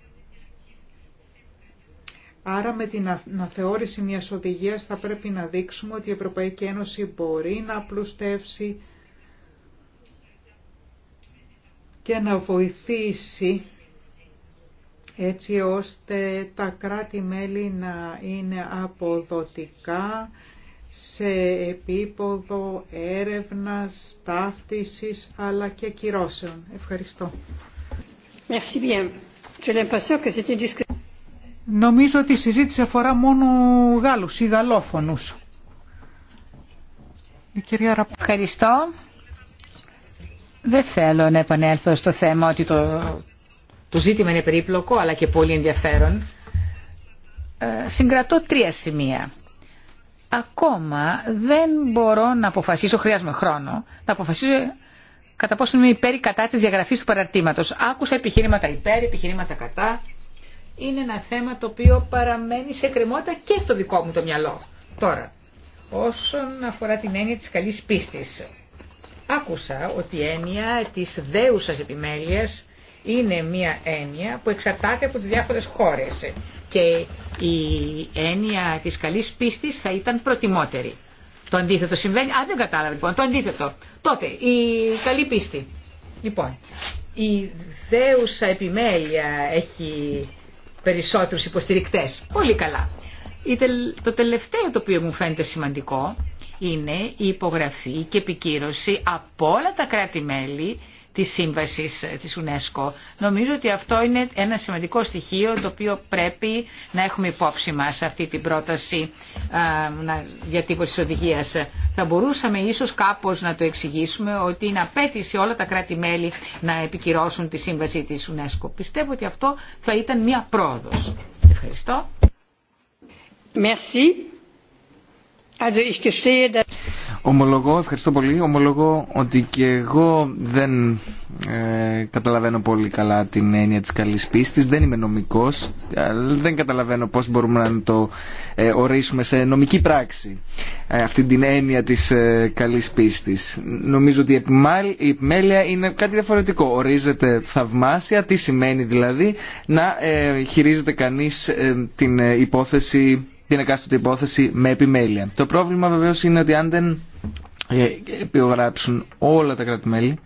Άρα με την αναθεώρηση μιας οδηγίας θα πρέπει να δείξουμε ότι η Ευρωπαϊκή Ένωση μπορεί να απλουστεύσει και να βοηθήσει έτσι ώστε τα κράτη-μέλη να είναι αποδοτικά σε επίποδο έρευνας, ταύτισης αλλά και κυρώσεων. Ευχαριστώ. Merci bien. Νομίζω ότι η συζήτηση αφορά μόνο Γάλλους ή Γαλλόφωνους. Η γαλλοφωνους κυρια Ραπ... Ευχαριστώ. Δεν θέλω να επανέλθω στο θέμα ότι το το ζήτημα είναι περίπλοκο αλλά και πολύ ενδιαφέρον. Ε, συγκρατώ τρία σημεία. Ακόμα δεν μπορώ να αποφασίσω, χρειάζομαι χρόνο, να αποφασίσω κατά πόσο είμαι υπέρ ή κατά τη διαγραφή του παραρτήματο. Άκουσα επιχειρήματα υπέρ, επιχειρήματα κατά. Είναι ένα θέμα το οποίο παραμένει σε κρεμότητα και στο δικό μου το μυαλό. Τώρα, όσον αφορά την έννοια της καλής πίστης. Άκουσα ότι η έννοια της δέουσας επιμέλειας είναι μια έννοια που εξαρτάται από τις διάφορες χώρες και η έννοια της καλής πίστης θα ήταν προτιμότερη. Το αντίθετο συμβαίνει. Α, δεν κατάλαβα λοιπόν. Το αντίθετο. Τότε, η καλή πίστη. Λοιπόν, η δέουσα επιμέλεια έχει περισσότερους υποστηρικτές. Πολύ καλά. Το τελευταίο το οποίο μου φαίνεται σημαντικό είναι η υπογραφή και επικύρωση από όλα τα κράτη-μέλη τη σύμβασης ε, της UNESCO. Νομίζω ότι αυτό είναι ένα σημαντικό στοιχείο το οποίο πρέπει να έχουμε υπόψη σε αυτή την πρόταση ε, για διατύπωσης οδηγίας. Θα μπορούσαμε ίσως κάπως να το εξηγήσουμε ότι είναι απέτηση όλα τα κράτη-μέλη να επικυρώσουν τη σύμβαση της UNESCO. Πιστεύω ότι αυτό θα ήταν μια πρόοδος. Ευχαριστώ. Ομολογώ, ευχαριστώ πολύ. Ομολογώ ότι και εγώ δεν ε, καταλαβαίνω πολύ καλά την έννοια της καλής πίστης. Δεν είμαι νομικός. Δεν καταλαβαίνω πώς μπορούμε να το ε, ορίσουμε σε νομική πράξη ε, αυτή την έννοια της καλής πίστης. Νομίζω ότι η επιμέλεια είναι κάτι διαφορετικό. Ορίζεται θαυμάσια. Τι σημαίνει δηλαδή να χειρίζεται κανείς την υπόθεση την εκάστοτε υπόθεση με επιμέλεια. Το πρόβλημα βεβαίως είναι ότι αν δεν ε, επιογράψουν όλα τα κράτη-μέλη,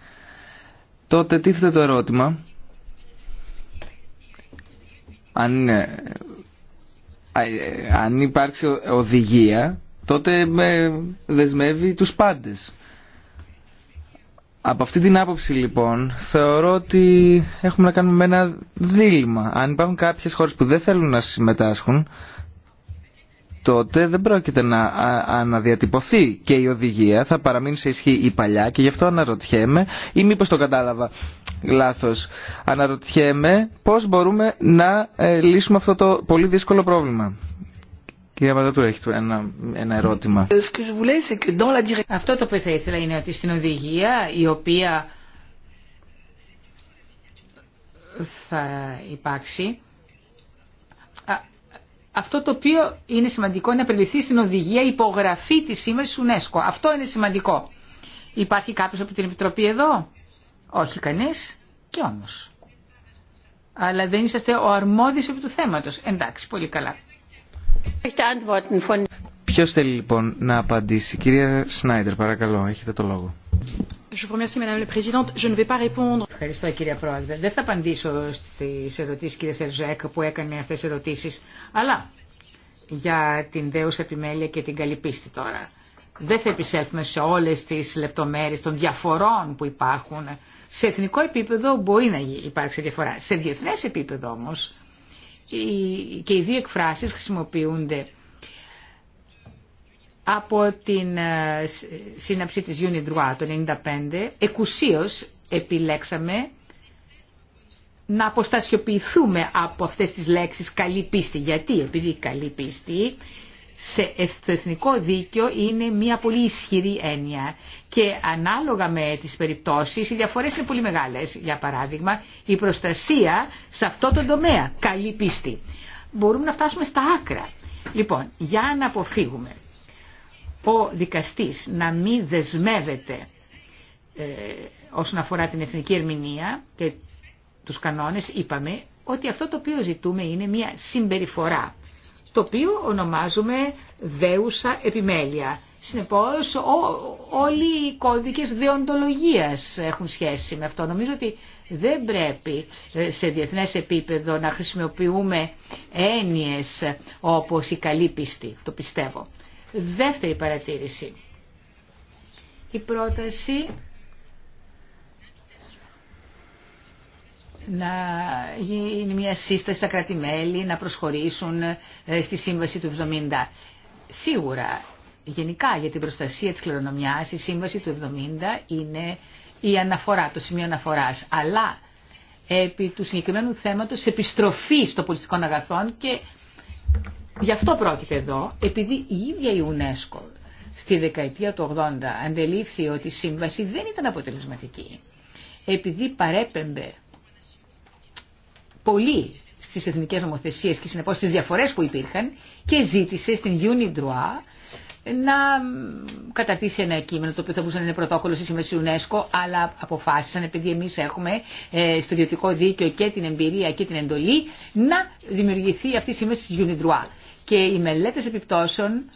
τότε τίθεται το ερώτημα αν, ε, αν υπάρξει οδηγία, τότε ε, δεσμεύει τους πάντες. Από αυτή την άποψη λοιπόν θεωρώ ότι έχουμε να κάνουμε ένα δίλημα. Αν υπάρχουν κάποιες χώρες που δεν θέλουν να συμμετάσχουν τότε δεν πρόκειται να αναδιατυπωθεί και η οδηγία, θα παραμείνει σε ισχύ η παλιά και γι' αυτό αναρωτιέμαι ή μήπως το κατάλαβα λάθος. Αναρωτιέμαι πώς μπορούμε να ε, λύσουμε αυτό το πολύ δύσκολο πρόβλημα. Κυρία Παδατού, έχετε ένα, ένα ερώτημα. Αυτό το οποίο θα ήθελα είναι ότι στην οδηγία η μηπως το καταλαβα λαθος αναρωτιεμαι πως μπορουμε να λυσουμε αυτο το πολυ δυσκολο προβλημα κυρια παδατου έχει ενα ενα ερωτημα αυτο το οποιο θα υπάρξει αυτό το οποίο είναι σημαντικό είναι να περιληφθεί στην οδηγία υπογραφή της σήμερα UNESCO. Αυτό είναι σημαντικό. Υπάρχει κάποιος από την Επιτροπή εδώ? Όχι κανείς και όμως. Αλλά δεν είσαστε ο αρμόδιος επί του θέματος. Εντάξει, πολύ καλά. Ποιος θέλει λοιπόν να απαντήσει. Κυρία Σνάιντερ, παρακαλώ, έχετε το λόγο. Ευχαριστώ κύριε Πρόεδρε. Δεν θα απαντήσω στις ερωτήσεις κύριε Σερζέκ που έκανε αυτές τι ερωτήσεις, αλλά για την δέουσα επιμέλεια και την καλή πίστη τώρα. Δεν θα επισέλθουμε σε όλε τι λεπτομέρειε των διαφορών που υπάρχουν. Σε εθνικό επίπεδο μπορεί να υπάρξει διαφορά. Σε διεθνέ επίπεδο όμω, και οι δύο εκφράσει χρησιμοποιούνται από την ε, σύναψη της UNIDROIT το 1995, εκουσίως επιλέξαμε να αποστασιοποιηθούμε από αυτές τις λέξεις καλή πίστη. Γιατί, επειδή καλή πίστη σε, εθνικό δίκαιο είναι μια πολύ ισχυρή έννοια και ανάλογα με τις περιπτώσεις οι διαφορές είναι πολύ μεγάλες. Για παράδειγμα, η προστασία σε αυτό το τομέα, καλή πίστη. Μπορούμε να φτάσουμε στα άκρα. Λοιπόν, για να αποφύγουμε ο δικαστής να μην δεσμεύεται ε, όσον αφορά την εθνική ερμηνεία και τους κανόνες είπαμε ότι αυτό το οποίο ζητούμε είναι μια συμπεριφορά το οποίο ονομάζουμε δέουσα επιμέλεια. Συνεπώς όλοι οι κώδικες δεοντολογίας έχουν σχέση με αυτό. Νομίζω ότι δεν πρέπει ε, σε διεθνές επίπεδο να χρησιμοποιούμε έννοιες όπως η καλή πίστη, το πιστεύω. Δεύτερη παρατήρηση. Η πρόταση να γίνει μια σύσταση στα κράτη-μέλη να προσχωρήσουν ε, στη Σύμβαση του 70. Σίγουρα, γενικά για την προστασία της κληρονομιάς, η Σύμβαση του 70 είναι η αναφορά, το σημείο αναφοράς. Αλλά επί του συγκεκριμένου θέματος επιστροφή των πολιτικών αγαθών και Γι' αυτό πρόκειται εδώ, επειδή η ίδια η UNESCO στη δεκαετία του 80 αντελήφθη ότι η σύμβαση δεν ήταν αποτελεσματική, επειδή παρέπεμπε πολύ στις εθνικές νομοθεσίες και συνεπώς στις διαφορές που υπήρχαν και ζήτησε στην UNIDROIT να καταρτήσει ένα κείμενο το οποίο θα μπορούσε να είναι πρωτόκολλο στη σύμβαση UNESCO, αλλά αποφάσισαν, επειδή εμεί έχουμε ε, στο ιδιωτικό δίκαιο και την εμπειρία και την εντολή, να δημιουργηθεί αυτή η σύμβαση τη UNIDROIT. Και οι μελέτες επιπτώσεων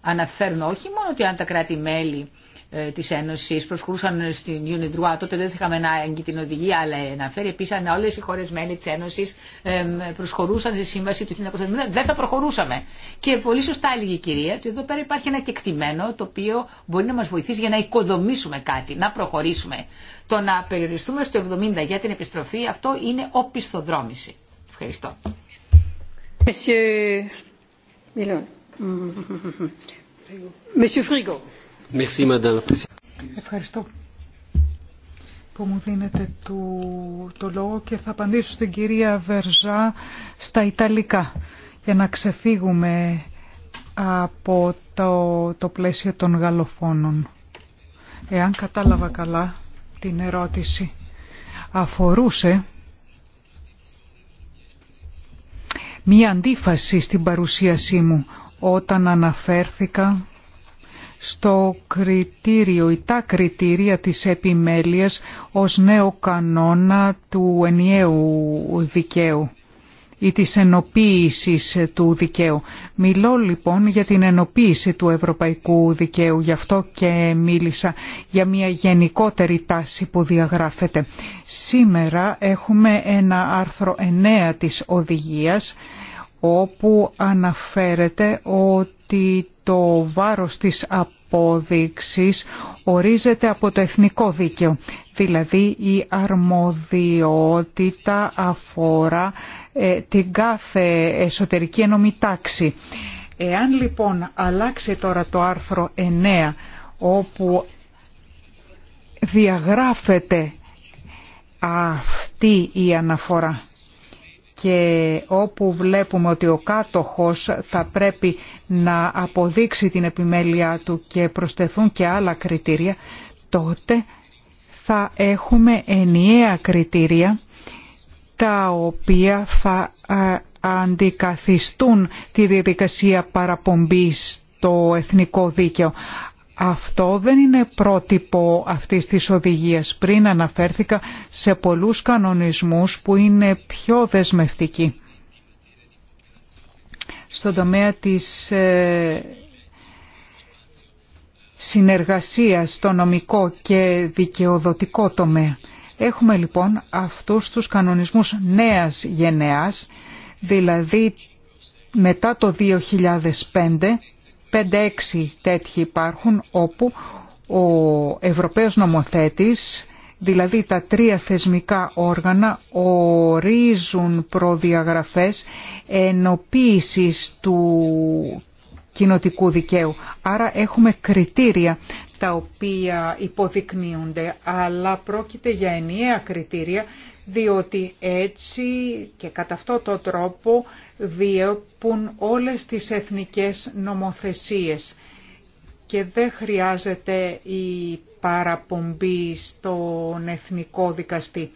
αναφέρουν όχι μόνο ότι αν τα κράτη-μέλη ε, τη Ένωση προσχωρούσαν στην UNIDROIT, τότε δεν είχαμε ανάγκη την οδηγία, αλλά αναφέρει επίση αν όλε οι χώρε μέλη τη Ένωση προσχωρούσαν στη σύμβαση του 1970, δεν θα προχωρούσαμε. Και πολύ σωστά έλεγε η κυρία ότι εδώ πέρα υπάρχει ένα κεκτημένο το οποίο μπορεί να μα βοηθήσει για να οικοδομήσουμε κάτι, να προχωρήσουμε. Το να περιοριστούμε στο 70 για την επιστροφή, αυτό είναι οπισθοδρόμηση. Ευχαριστώ. Monsieur... Ευχαριστώ που μου δίνετε το, το λόγο και θα απαντήσω στην κυρία Βερζά στα Ιταλικά για να ξεφύγουμε από το, το πλαίσιο των γαλοφόνων. Εάν κατάλαβα καλά την ερώτηση αφορούσε μία αντίφαση στην παρουσίασή μου όταν αναφέρθηκα στο κριτήριο ή τα κριτήρια της επιμέλειας ως νέο κανόνα του ενιαίου δικαίου ή της ενοποίησης του δικαίου. Μιλώ λοιπόν για την ενοποίηση του ευρωπαϊκού δικαίου, γι' αυτό και μίλησα για μια γενικότερη τάση που διαγράφεται. Σήμερα έχουμε ένα άρθρο 9 της οδηγίας όπου αναφέρεται ότι το βάρος της απόδειξης ορίζεται από το εθνικό δίκαιο. Δηλαδή η αρμοδιότητα αφορά ε, την κάθε εσωτερική ενόμη τάξη. Εάν λοιπόν αλλάξει τώρα το άρθρο 9 όπου διαγράφεται αυτή η αναφορά και όπου βλέπουμε ότι ο κάτοχος θα πρέπει να αποδείξει την επιμέλεια του και προσθεθούν και άλλα κριτήρια, τότε θα έχουμε ενιαία κριτήρια τα οποία θα αντικαθιστούν τη διαδικασία παραπομπής στο εθνικό δίκαιο. Αυτό δεν είναι πρότυπο αυτής της οδηγίας. Πριν αναφέρθηκα σε πολλούς κανονισμούς που είναι πιο δεσμευτικοί. Στον τομέα της ε, συνεργασίας στο νομικό και δικαιοδοτικό τομέα. Έχουμε λοιπόν αυτούς τους κανονισμούς νέας γενεάς, δηλαδή μετά το 2005 5-6 τέτοιοι υπάρχουν όπου ο Ευρωπαίος νομοθέτης, δηλαδή τα τρία θεσμικά όργανα, ορίζουν προδιαγραφές ενοποίησης του κοινοτικού δικαίου. Άρα έχουμε κριτήρια τα οποία υποδεικνύονται, αλλά πρόκειται για ενιαία κριτήρια διότι έτσι και κατά αυτό το τρόπο διέπουν όλες τις εθνικές νομοθεσίες και δεν χρειάζεται η παραπομπή στον εθνικό δικαστή.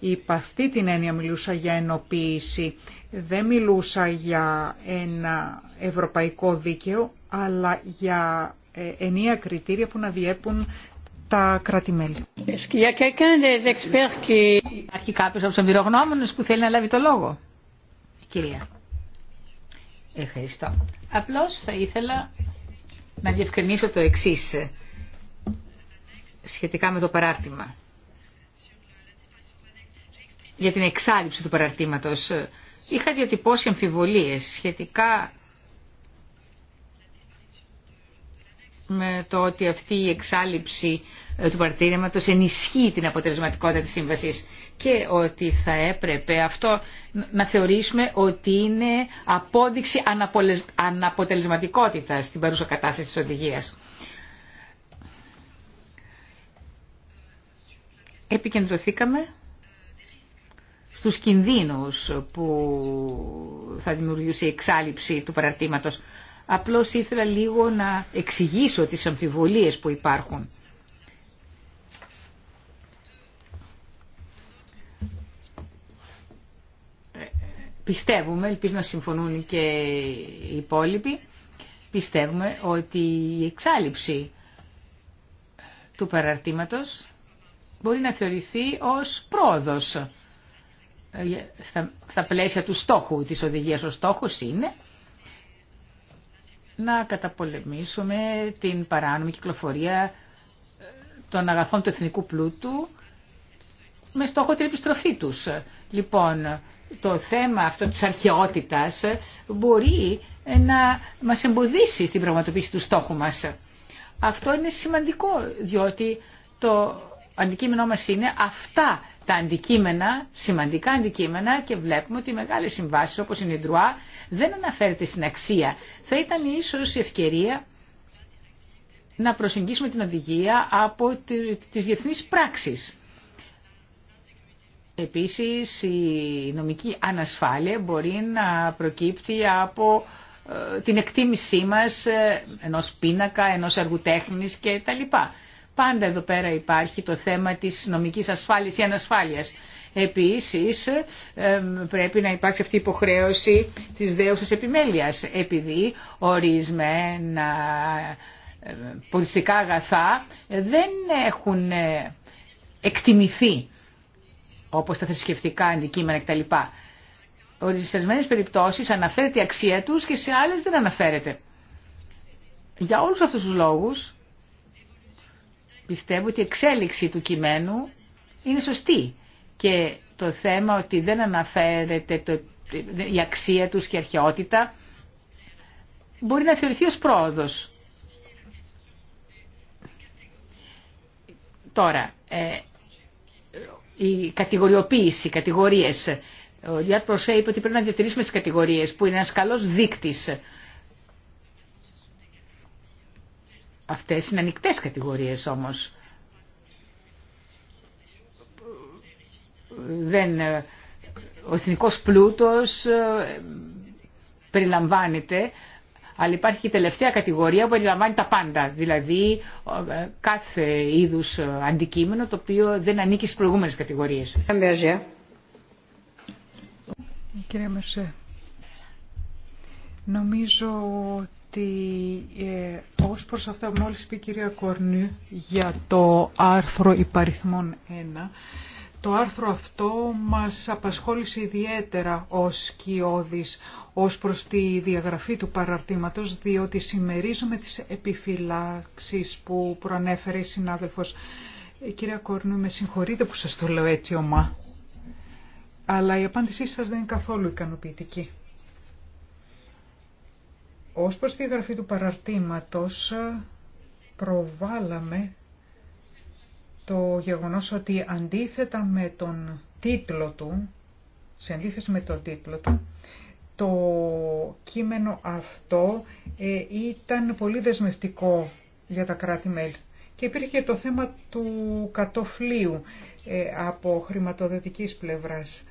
Υπ' αυτή την έννοια μιλούσα για ενοποίηση. Δεν μιλούσα για ένα ευρωπαϊκό δίκαιο, αλλά για ε, ενία κριτήρια που να διέπουν τα κράτη-μέλη. Υπάρχει κάποιος από τους που θέλει να λάβει το λόγο. Κυρία. Ευχαριστώ. Απλώς θα ήθελα να διευκρινίσω το εξή σχετικά με το παράρτημα. Για την εξάλληψη του παραρτήματος είχα διατυπώσει αμφιβολίες σχετικά με το ότι αυτή η εξάλληψη ε, του παρατήρηματος ενισχύει την αποτελεσματικότητα της σύμβασης και ότι θα έπρεπε αυτό να θεωρήσουμε ότι είναι απόδειξη αναποτελεσματικότητας στην παρούσα κατάσταση της οδηγίας. Επικεντρωθήκαμε στους κινδύνους που θα δημιουργήσει η εξάλληψη του παρατήρηματος Απλώς ήθελα λίγο να εξηγήσω τις αμφιβολίες που υπάρχουν. Πιστεύουμε, ελπίζω να συμφωνούν και οι υπόλοιποι, πιστεύουμε ότι η εξάλληψη του παραρτήματος μπορεί να θεωρηθεί ως πρόοδος ε, στα πλαίσια του στόχου της οδηγίας. Ο στόχος είναι να καταπολεμήσουμε την παράνομη κυκλοφορία ε, των αγαθών του εθνικού πλούτου με στόχο την επιστροφή τους. Λοιπόν, το θέμα αυτό της αρχαιότητας μπορεί ε, να μας εμποδίσει στην πραγματοποίηση του στόχου μας. Αυτό είναι σημαντικό, διότι το αντικείμενό μας είναι αυτά τα αντικείμενα, σημαντικά αντικείμενα και βλέπουμε ότι οι μεγάλες συμβάσεις όπως είναι η Ντρουά δεν αναφέρεται στην αξία. Θα ήταν ίσως η ευκαιρία να προσεγγίσουμε την οδηγία από τις διεθνείς πράξεις. Επίσης η νομική ανασφάλεια μπορεί να προκύπτει από ε, την εκτίμησή μας ε, ενός πίνακα, ενός εργοτέχνης κτλ. Πάντα εδώ πέρα υπάρχει το θέμα της νομικής ασφάλειας ή ανασφάλειας. Επίσης πρέπει να υπάρχει αυτή η υποχρέωση της δέουσας επιμέλειας επειδή ορισμένα πολιτιστικά αγαθά δεν έχουν ε, εκτιμηθεί όπως τα θρησκευτικά αντικείμενα κτλ. Ορισμένε περιπτώσεις αναφέρεται η αξία τους και σε άλλες δεν αναφέρεται. Για όλους αυτούς τους λόγους Πιστεύω ότι η εξέλιξη του κειμένου είναι σωστή και το θέμα ότι δεν αναφέρεται το, η αξία τους και η αρχαιότητα μπορεί να θεωρηθεί ως πρόοδος. Τώρα, ε, η κατηγοριοποίηση, οι κατηγορίες. Ο Λιάρ Προσέ είπε ότι πρέπει να διατηρήσουμε τις κατηγορίες που είναι ένας καλός δείκτης Αυτές είναι ανοιχτέ κατηγορίες όμως. Δεν, ε, ο εθνικός πλούτος ε, περιλαμβάνεται, αλλά υπάρχει και η τελευταία κατηγορία που περιλαμβάνει τα πάντα, δηλαδή ε, κάθε είδους αντικείμενο το οποίο δεν ανήκει στις προηγούμενες κατηγορίες. Κύριε Μερσέ, νομίζω ότι ε, ως προς αυτά που μόλις είπε η κυρία Κορνού για το άρθρο υπαριθμών 1, το άρθρο αυτό μας απασχόλησε ιδιαίτερα ως κοιόδης ως προς τη διαγραφή του παραρτήματος, διότι συμμερίζουμε τις επιφυλάξεις που προανέφερε η συνάδελφος. Ε, κυρία Κορνού, με συγχωρείτε που σας το λέω έτσι ομά, αλλά η απάντησή σας δεν είναι καθόλου ικανοποιητική. Ως προς τη γραφή του παραρτήματος προβάλαμε το γεγονός ότι αντίθετα με τον τίτλο του, σε αντίθεση με τον τίτλο του, το κείμενο αυτό ε, ήταν πολύ δεσμευτικό για τα κράτη-μέλη. Και υπήρχε το θέμα του κατοφλίου ε, από χρηματοδοτικής πλευράς.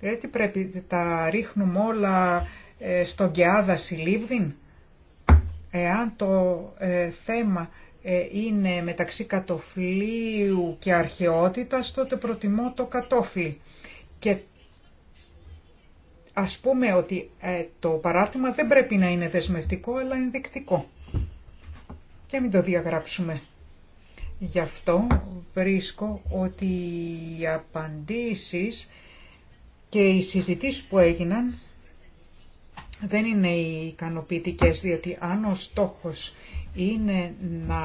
Έτσι ε, πρέπει, τα ρίχνουμε όλα ε, στον Κεάδα Σιλίβδιν. Εάν το ε, θέμα είναι μεταξύ κατοφλίου και αρχαιότητας, τότε προτιμώ το κατόφλι. Και ας πούμε ότι το παράρτημα δεν πρέπει να είναι δεσμευτικό, αλλά ενδεικτικό. Και μην το διαγράψουμε. Γι' αυτό βρίσκω ότι οι απαντήσεις και οι συζητήσεις που έγιναν δεν είναι ικανοποιητικές διότι αν ο στόχος είναι να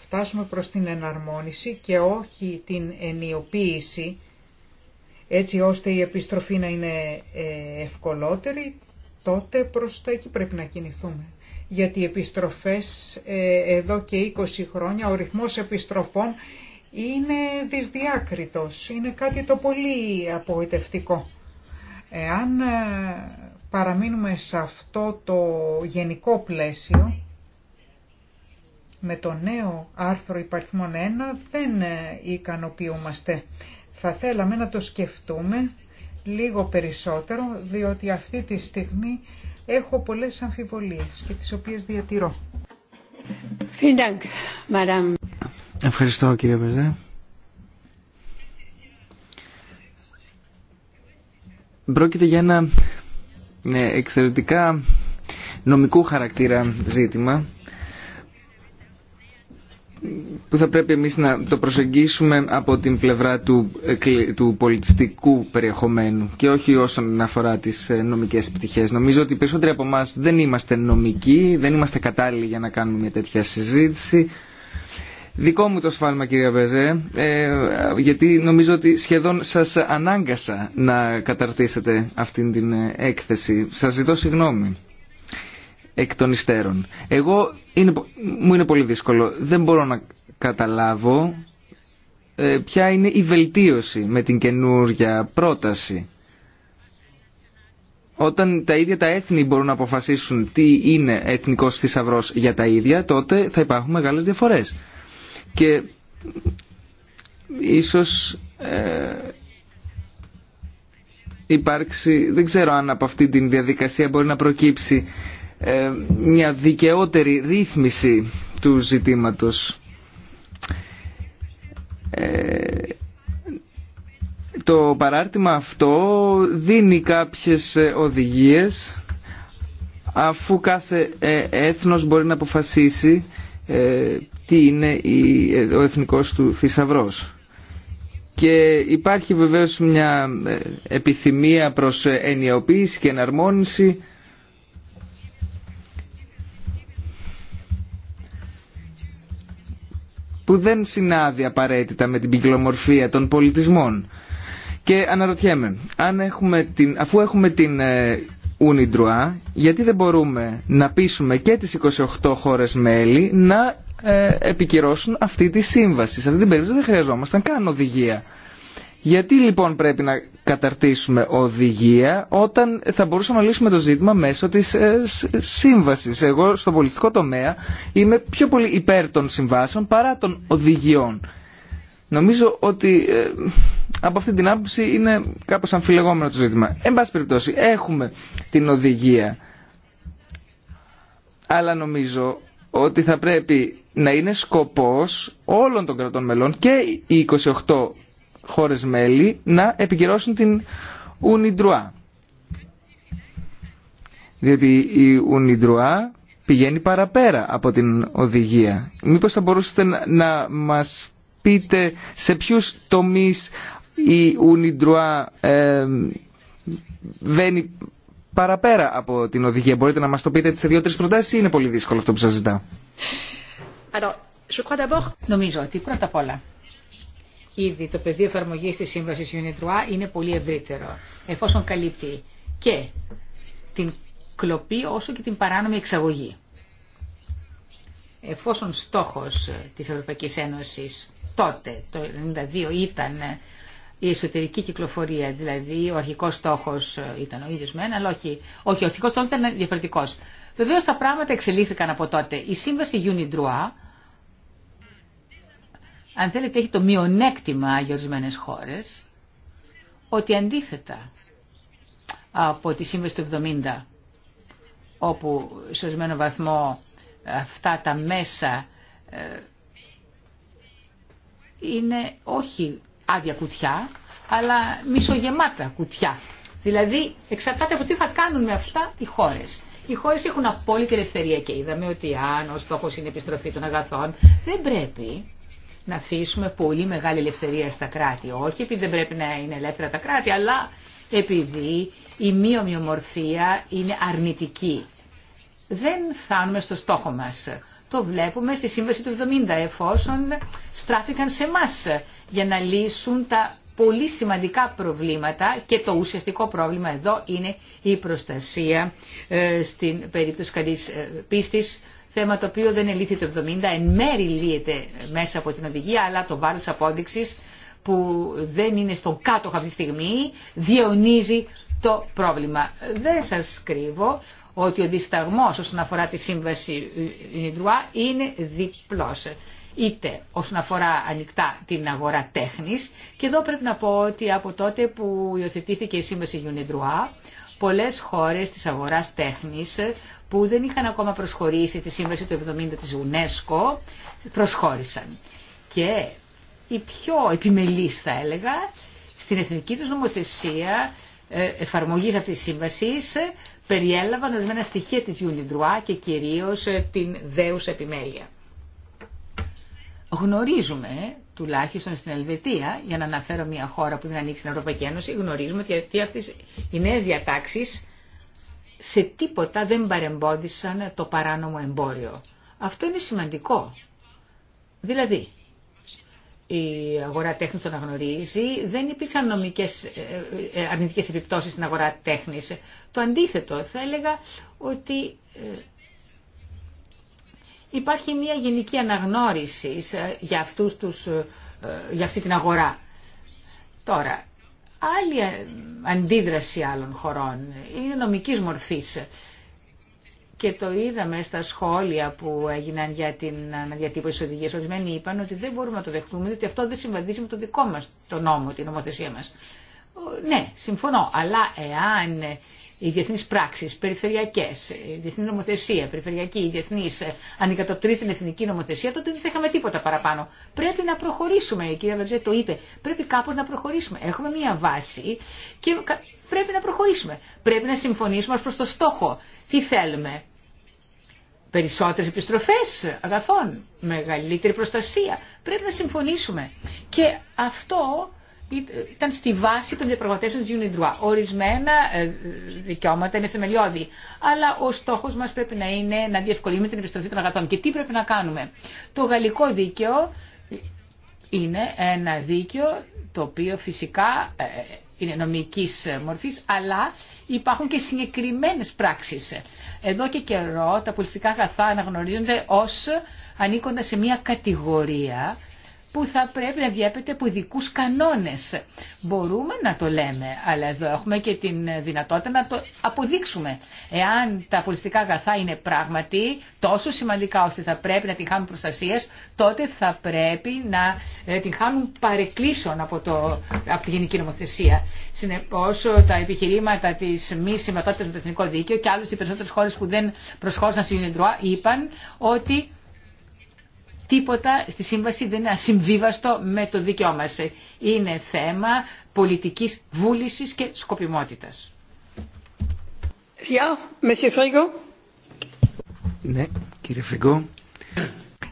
φτάσουμε προς την εναρμόνιση και όχι την ενιοποίηση έτσι ώστε η επιστροφή να είναι ε, ευκολότερη, τότε προς τα εκεί πρέπει να κινηθούμε. Γιατί οι επιστροφές ε, εδώ και 20 χρόνια, ο ρυθμός επιστροφών είναι δυσδιάκριτος, είναι κάτι το πολύ απογοητευτικό. Εάν ε, παραμείνουμε σε αυτό το γενικό πλαίσιο, με το νέο άρθρο υπαριθμών 1 δεν ε, ικανοποιούμαστε. Θα θέλαμε να το σκεφτούμε λίγο περισσότερο, διότι αυτή τη στιγμή έχω πολλές αμφιβολίες και τις οποίες διατηρώ. Ευχαριστώ κύριε Πεζέ. Πρόκειται για ένα ε, εξαιρετικά νομικού χαρακτήρα ζήτημα που θα πρέπει εμείς να το προσεγγίσουμε από την πλευρά του, ε, πολιτιστικού περιεχομένου και όχι όσον αφορά τις ε, νομικές επιτυχίες. Νομίζω ότι περισσότεροι από εμά δεν είμαστε νομικοί, δεν είμαστε κατάλληλοι για να κάνουμε μια τέτοια συζήτηση. Δικό μου το σφάλμα κυρία Μπεζέ, ε, γιατί νομίζω ότι σχεδόν σας ανάγκασα να καταρτήσετε αυτήν την ε, έκθεση. Σας ζητώ συγγνώμη εκ των υστέρων. Εγώ, είναι, μου είναι πολύ δύσκολο, δεν μπορώ να καταλάβω ε, ποια είναι η βελτίωση με την καινούργια πρόταση. Όταν τα ίδια τα έθνη μπορούν να αποφασίσουν τι είναι εθνικός θησαυρό για τα ίδια, τότε θα υπάρχουν μεγάλες διαφορές και ίσως ε, υπάρξει, δεν ξέρω αν από αυτή την διαδικασία μπορεί να προκύψει ε, μια δικαιότερη ρύθμιση του ζητήματος. Ε, το παράρτημα αυτό δίνει κάποιες ε, οδηγίες αφού κάθε έθνος μπορεί να αποφασίσει τι είναι ο εθνικός του θησαυρό. Και υπάρχει βεβαίως μια ε, επιθυμία προς ενιοποίηση και εναρμόνιση που δεν συνάδει απαραίτητα με την πυκλομορφία των πολιτισμών. Και αναρωτιέμαι, αν έχουμε την, αφού έχουμε την UNIDROIT, ε, γιατί δεν μπορούμε να πείσουμε και τις 28 χώρες μέλη να ε, επικυρώσουν αυτή τη σύμβαση. Σε αυτή την περίπτωση δεν χρειαζόμασταν καν οδηγία. Γιατί λοιπόν πρέπει να καταρτήσουμε οδηγία όταν θα μπορούσαμε να λύσουμε το ζήτημα μέσω της ε, σύμβασης. Εγώ στον πολιτικό τομέα είμαι πιο πολύ υπέρ των συμβάσεων παρά των οδηγιών. Νομίζω ότι ε, από αυτή την άποψη είναι κάπως αμφιλεγόμενο το ζήτημα. Εν πάση περιπτώσει έχουμε την οδηγία. Αλλά νομίζω ότι θα πρέπει να είναι σκοπός όλων των κρατών μελών και οι 28 χώρες μέλη να επικυρώσουν την Ουνιντρουά. Διότι η Ουνιντρουά πηγαίνει παραπέρα από την οδηγία. Μήπως θα μπορούσατε να μας πείτε σε ποιους τομείς η Ουνιντρουά ε, βαίνει παραπέρα από την οδηγία. Μπορείτε να μας το πείτε σε δύο-τρεις προτάσεις ή είναι πολύ δύσκολο αυτό που σας ζητάω. Νομίζω ότι πρώτα απ' όλα ήδη το πεδίο εφαρμογής της σύμβασης UNITROA είναι πολύ ευρύτερο εφόσον καλύπτει και την κλοπή όσο και την παράνομη εξαγωγή. Εφόσον στόχος της Ευρωπαϊκής Ένωσης τότε το 1992 ήταν η εσωτερική κυκλοφορία. Δηλαδή ο αρχικός στόχο ε, ήταν ο ίδιος ένα, αλλά όχι, όχι ο αρχικό, στόχο ήταν διαφορετικός. Βεβαίω τα πράγματα εξελίχθηκαν από τότε. Η σύμβαση Unidroit, αν θέλετε, έχει το μειονέκτημα για ορισμένε χώρες, ότι αντίθετα από τη σύμβαση του 70, όπου σε ορισμένο βαθμό αυτά τα μέσα ε, είναι όχι άδεια κουτιά, αλλά μισογεμάτα κουτιά. Δηλαδή εξαρτάται από τι θα κάνουν με αυτά οι χώρες. Οι χώρες έχουν απόλυτη ελευθερία και είδαμε ότι αν ο στόχο είναι η επιστροφή των αγαθών, δεν πρέπει να αφήσουμε πολύ μεγάλη ελευθερία στα κράτη. Όχι επειδή δεν πρέπει να είναι ελεύθερα τα κράτη, αλλά επειδή η μη ομοιομορφία είναι αρνητική. Δεν φτάνουμε στο στόχο μας το βλέπουμε στη Σύμβαση του 70 εφόσον στράφηκαν σε εμά για να λύσουν τα πολύ σημαντικά προβλήματα και το ουσιαστικό πρόβλημα εδώ είναι η προστασία ε, στην περίπτωση καλής ε, πίστης θέμα το οποίο δεν ελύθηκε το 70, εν μέρη λύεται μέσα από την οδηγία, αλλά το βάρος απόδειξης που δεν είναι στον κάτω αυτή τη στιγμή διαιωνίζει το πρόβλημα. Δεν σας κρύβω ότι ο δισταγμός όσον αφορά τη σύμβαση Ινιδρουά ε, ε, είναι διπλός είτε όσον αφορά ανοιχτά την αγορά τέχνης και εδώ πρέπει να πω ότι από τότε που υιοθετήθηκε η σύμβαση Unidroit πολλές χώρες της αγοράς τέχνης ε, που δεν είχαν ακόμα προσχωρήσει τη σύμβαση του 70 της UNESCO προσχώρησαν και η πιο επιμελής θα έλεγα στην εθνική τους νομοθεσία εφαρμογής αυτής της σύμβασης περιέλαβαν ορισμένα στοιχεία της Γιουλιντρουά και κυρίως ε, την δέουσα επιμέλεια. Γνωρίζουμε, τουλάχιστον στην Ελβετία, για να αναφέρω μια χώρα που δεν ανοίξει στην Ευρωπαϊκή Ένωση, γνωρίζουμε ότι αυτές οι νέες διατάξεις σε τίποτα δεν παρεμπόδισαν το παράνομο εμπόριο. Αυτό είναι σημαντικό. Δηλαδή, η αγορά τέχνης τον αναγνωρίζει, δεν υπήρχαν νομικές ε, ε, ε, αρνητικές επιπτώσεις στην αγορά τέχνης. Το αντίθετο, θα έλεγα ότι υπάρχει μια γενική αναγνώριση για, αυτούς τους, για αυτή την αγορά. Τώρα, άλλη αντίδραση άλλων χωρών είναι νομικής μορφής και το είδαμε στα σχόλια που έγιναν για την αναδιατύπωση τη οδηγία. Ορισμένοι είπαν ότι δεν μπορούμε να το δεχτούμε, διότι αυτό δεν συμβαδίζει με το δικό μα το νόμο, την νομοθεσία μα. Ναι, συμφωνώ, αλλά εάν οι διεθνεί πράξει, περιφερειακές, η διεθνή νομοθεσία, περιφερειακή, η διεθνή, ε, ανικατοπτρίζει την εθνική νομοθεσία, τότε δεν θα είχαμε τίποτα παραπάνω. Πρέπει να προχωρήσουμε, η κυρία Βερζέ το είπε, πρέπει κάπως να προχωρήσουμε. Έχουμε μία βάση και πρέπει να προχωρήσουμε. Πρέπει να συμφωνήσουμε ω προ το στόχο. Τι θέλουμε. Περισσότερε επιστροφέ, αγαθών, μεγαλύτερη προστασία. Πρέπει να συμφωνήσουμε. Και αυτό ήταν στη βάση των διαπραγματεύσεων της UNIDROIT. Ορισμένα ε, δικαιώματα είναι θεμελιώδη, αλλά ο στόχος μας πρέπει να είναι να διευκολύνουμε την επιστροφή των αγαθών. Και τι πρέπει να κάνουμε. Το γαλλικό δίκαιο είναι ένα δίκαιο το οποίο φυσικά ε, είναι νομικής μορφής, αλλά υπάρχουν και συγκεκριμένες πράξεις. Εδώ και καιρό τα πολιτιστικά αγαθά αναγνωρίζονται ως ανήκοντα σε μια κατηγορία που θα πρέπει να διέπεται από ειδικού κανόνε. Μπορούμε να το λέμε, αλλά εδώ έχουμε και την δυνατότητα να το αποδείξουμε. Εάν τα πολιτικά αγαθά είναι πράγματι τόσο σημαντικά ώστε θα πρέπει να την χάνουν προστασίες, τότε θα πρέπει να ε, την χάνουν παρεκκλήσεων από, το, από τη Γενική Νομοθεσία. Συνεπώ, ε, τα επιχειρήματα τη μη συμβατότητα με το Εθνικό Δίκαιο και άλλωστε οι περισσότερε χώρε που δεν προσχώρησαν στην Ιντρουά είπαν ότι Τίποτα στη σύμβαση δεν είναι ασυμβίβαστο με το δίκαιό μας. Είναι θέμα πολιτικής βούλησης και σκοπιμότητας. Ναι, κύριε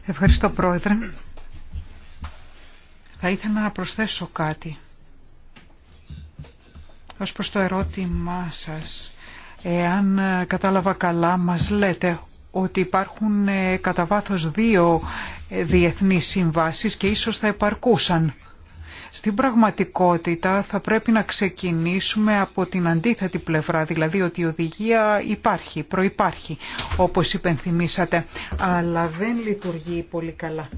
Ευχαριστώ πρόεδρε. Θα ήθελα να προσθέσω κάτι ως προς το ερώτημά σας. Εάν κατάλαβα καλά, μας λέτε ότι υπάρχουν ε, κατά βάθο δύο ε, διεθνείς συμβάσεις και ίσως θα επαρκούσαν. Στην πραγματικότητα θα πρέπει να ξεκινήσουμε από την αντίθετη πλευρά, δηλαδή ότι η οδηγία υπάρχει, προϋπάρχει, όπως υπενθυμίσατε, αλλά δεν λειτουργεί πολύ καλά.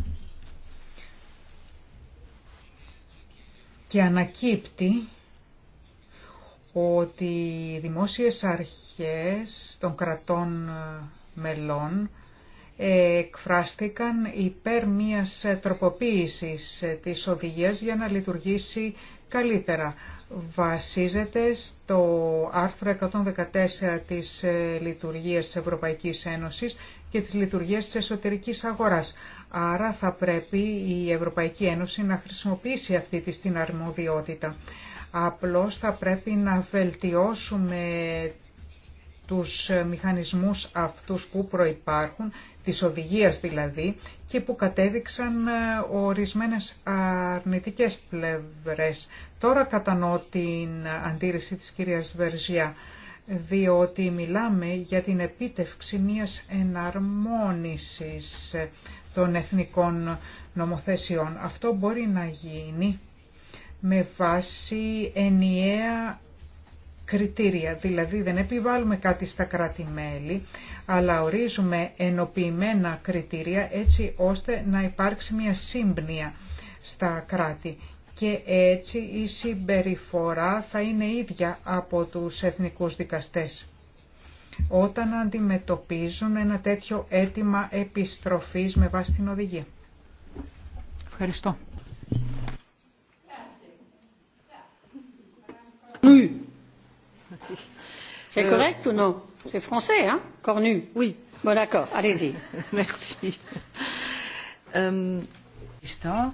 Και ανακύπτει ότι οι δημόσιες αρχές των κρατών μελών ε, εκφράστηκαν υπέρ μιας τροποποίησης ε, της οδηγίας για να λειτουργήσει καλύτερα. Βασίζεται στο άρθρο 114 της ε, λειτουργίας της Ευρωπαϊκής Ένωσης και της λειτουργίας της εσωτερικής αγοράς. Άρα θα πρέπει η Ευρωπαϊκή Ένωση να χρησιμοποιήσει αυτή τη στην αρμοδιότητα. Απλώς θα πρέπει να βελτιώσουμε τους ε, μηχανισμούς αυτούς που προϋπάρχουν, της οδηγίας δηλαδή, και που κατέδειξαν ε, ορισμένες αρνητικές πλευρές. Τώρα κατανοώ την αντίρρηση της κυρίας Βερζιά, διότι μιλάμε για την επίτευξη μιας εναρμόνισης ε, των εθνικών νομοθεσιών. Αυτό μπορεί να γίνει με βάση ενιαία κριτήρια. Δηλαδή δεν επιβάλλουμε κάτι στα κράτη-μέλη, αλλά ορίζουμε ενοποιημένα κριτήρια έτσι ώστε να υπάρξει μια σύμπνοια στα κράτη. Και έτσι η συμπεριφορά θα είναι ίδια από τους εθνικούς δικαστές όταν αντιμετωπίζουν ένα τέτοιο αίτημα επιστροφής με βάση την οδηγία. Ευχαριστώ. C'est euh, correct ou non C'est français, hein Cornu Oui. Bon, d'accord, allez-y. Merci. Ευχαριστώ. Euh,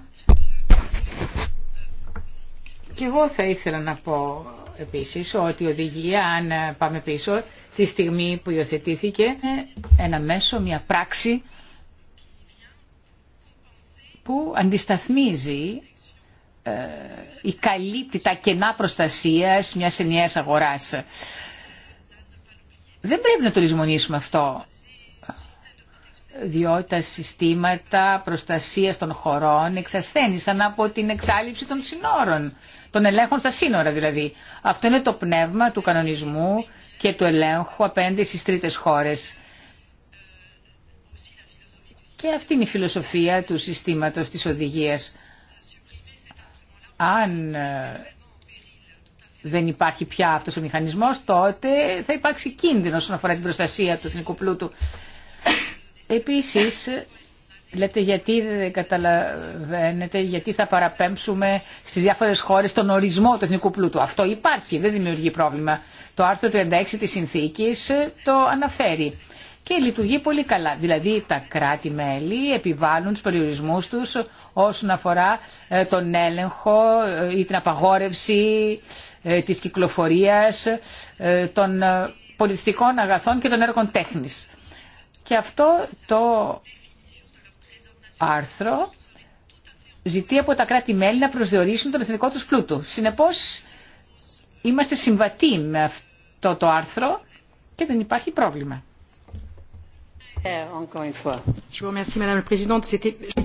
Και εγώ θα ήθελα να πω επίσης ότι η οδηγία, αν πάμε πίσω, τη στιγμή που υιοθετήθηκε, είναι ένα μέσο, μια πράξη που αντισταθμίζει ε, η καλύπτη τα κενά προστασίας μιας ενιαίας αγοράς. Δεν πρέπει να το λησμονήσουμε αυτό, διότι τα συστήματα προστασίας των χωρών εξασθένησαν από την εξάλληψη των συνόρων, των ελέγχων στα σύνορα δηλαδή. Αυτό είναι το πνεύμα του κανονισμού και του ελέγχου απέναντι στις τρίτες χώρες. Και αυτή είναι η φιλοσοφία του συστήματος της οδηγίας. Αν ε, δεν υπάρχει πια αυτός ο μηχανισμός, τότε θα υπάρξει κίνδυνο όσον αφορά την προστασία του εθνικού πλούτου. Επίσης, λέτε γιατί δεν καταλαβαίνετε, γιατί θα παραπέμψουμε στις διάφορες χώρες τον ορισμό του εθνικού πλούτου. Αυτό υπάρχει, δεν δημιουργεί πρόβλημα. Το άρθρο 36 της συνθήκης το αναφέρει. Και λειτουργεί πολύ καλά. Δηλαδή τα κράτη-μέλη επιβάλλουν τους περιορισμούς τους όσον αφορά ε, τον έλεγχο ε, ή την απαγόρευση ε, της κυκλοφορίας, ε, των ε, πολιτιστικών αγαθών και των έργων τέχνης. Και αυτό το άρθρο ζητεί από τα κράτη-μέλη να προσδιορίσουν τον εθνικό τους πλούτο. Συνεπώς είμαστε συμβατοί με αυτό το άρθρο και δεν υπάρχει πρόβλημα.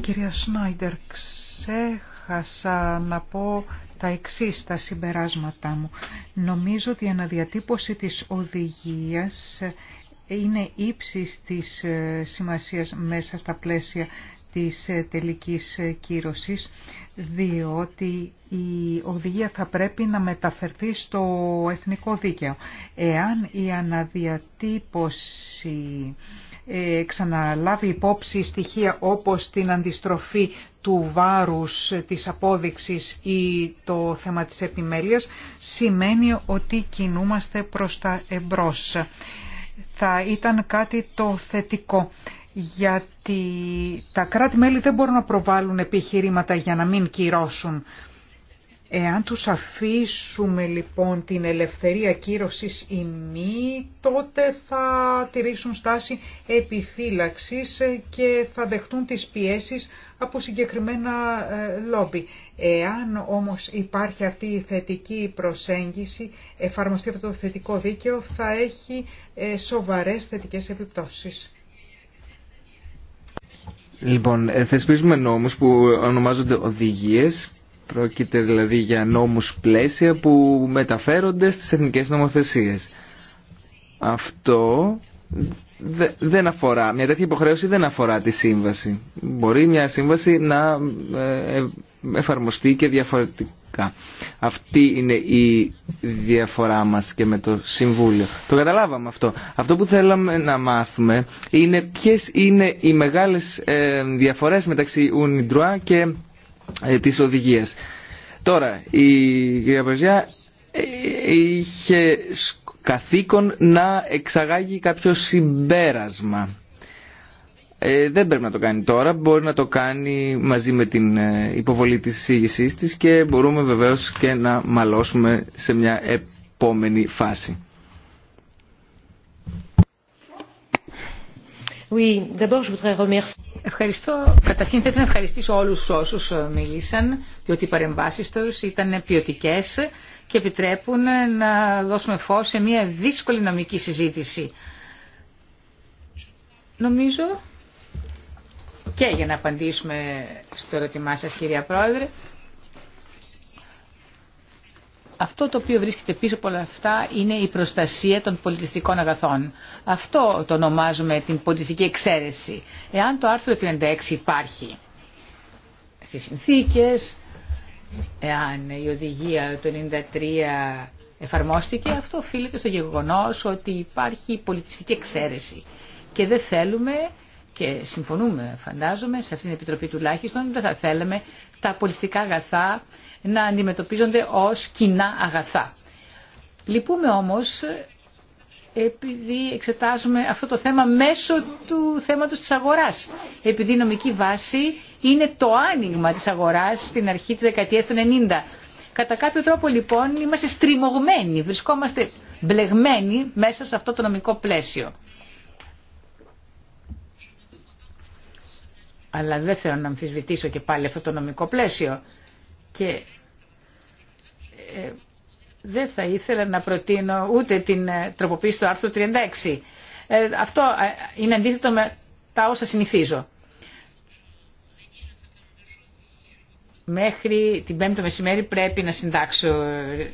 Κυρία Σνάιντερ ξέχασα να πω τα εξή τα συμπεράσματά μου. Νομίζω ότι η αναδιατύπωση της οδηγίας είναι ύψης της ε, σημασίας μέσα στα πλαίσια της ε, τελικής ε, κύρωσης, διότι η οδηγία θα πρέπει να μεταφερθεί στο εθνικό δίκαιο. Εάν η αναδιατύπωση ε, ξαναλάβει υπόψη στοιχεία όπως την αντιστροφή του βάρους της απόδειξης ή το θέμα της επιμέλειας σημαίνει ότι κινούμαστε προς τα εμπρός. Θα ήταν κάτι το θετικό γιατί τα κράτη-μέλη δεν μπορούν να προβάλλουν επιχειρήματα για να μην κυρώσουν Εάν τους αφήσουμε λοιπόν την ελευθερία κύρωσης ή μη, τότε θα τηρήσουν στάση επιφύλαξης και θα δεχτούν τις πιέσεις από συγκεκριμένα ε, λόμπι. Εάν όμως υπάρχει αυτή η θετική προσέγγιση, εφαρμοστεί αυτό το θετικό δίκαιο, θα έχει ε, σοβαρές θετικές επιπτώσεις. Λοιπόν, ε, θεσπίζουμε νόμους που ονομάζονται οδηγίες Πρόκειται δηλαδή για νόμους πλαίσια που μεταφέρονται στις εθνικές νομοθεσίες. Αυτό δεν αφορά, μια τέτοια υποχρέωση δεν αφορά τη σύμβαση. Μπορεί μια σύμβαση να ε, ε, εφαρμοστεί και διαφορετικά. Αυτή είναι η διαφορά μας και με το Συμβούλιο. Το καταλάβαμε αυτό. Αυτό που θέλαμε να μάθουμε είναι ποιες είναι οι μεγάλες ε, διαφορές μεταξύ UNIDROIT και ε, της οδηγίας. Τώρα, η κυρία Παζιά ε, είχε καθήκον να εξαγάγει κάποιο συμπέρασμα. Ε, δεν πρέπει να το κάνει τώρα, μπορεί να το κάνει μαζί με την υποβολή της εισήγησής της και μπορούμε βεβαίως και να μαλώσουμε σε μια επόμενη φάση. Ευχαριστώ. Καταρχήν θα να ευχαριστήσω όλους όσους ε, μίλησαν, διότι οι παρεμβάσεις τους ήταν ποιοτικέ και επιτρέπουν ε, να δώσουμε φως σε μια δύσκολη νομική συζήτηση. Νομίζω και για να απαντήσουμε στο ερώτημά σας κυρία Πρόεδρε, αυτό το οποίο βρίσκεται πίσω από όλα αυτά είναι η προστασία των πολιτιστικών αγαθών. Αυτό το ονομάζουμε την πολιτιστική εξαίρεση. Εάν το άρθρο 36 υπάρχει στις συνθήκες, εάν η οδηγία του 93 εφαρμόστηκε, αυτό οφείλεται στο γεγονός ότι υπάρχει πολιτιστική εξαίρεση. Και δεν θέλουμε και συμφωνούμε φαντάζομαι σε αυτήν την Επιτροπή τουλάχιστον δεν θα θέλαμε τα πολιτιστικά αγαθά να αντιμετωπίζονται ως κοινά αγαθά. Λυπούμε όμως επειδή εξετάζουμε αυτό το θέμα μέσω του θέματος της αγοράς. Επειδή η νομική βάση είναι το άνοιγμα της αγοράς στην αρχή της δεκαετίας των 90. Κατά κάποιο τρόπο λοιπόν είμαστε στριμωγμένοι, βρισκόμαστε μπλεγμένοι μέσα σε αυτό το νομικό πλαίσιο. Αλλά δεν θέλω να αμφισβητήσω και πάλι αυτό το νομικό πλαίσιο και ε, δεν θα ήθελα να προτείνω ούτε την ε, τροποποίηση του άρθρου 36. Ε, αυτό είναι αντίθετο με τα όσα συνηθίζω. Μέχρι την πέμπτη μεσημέρι πρέπει να συντάξω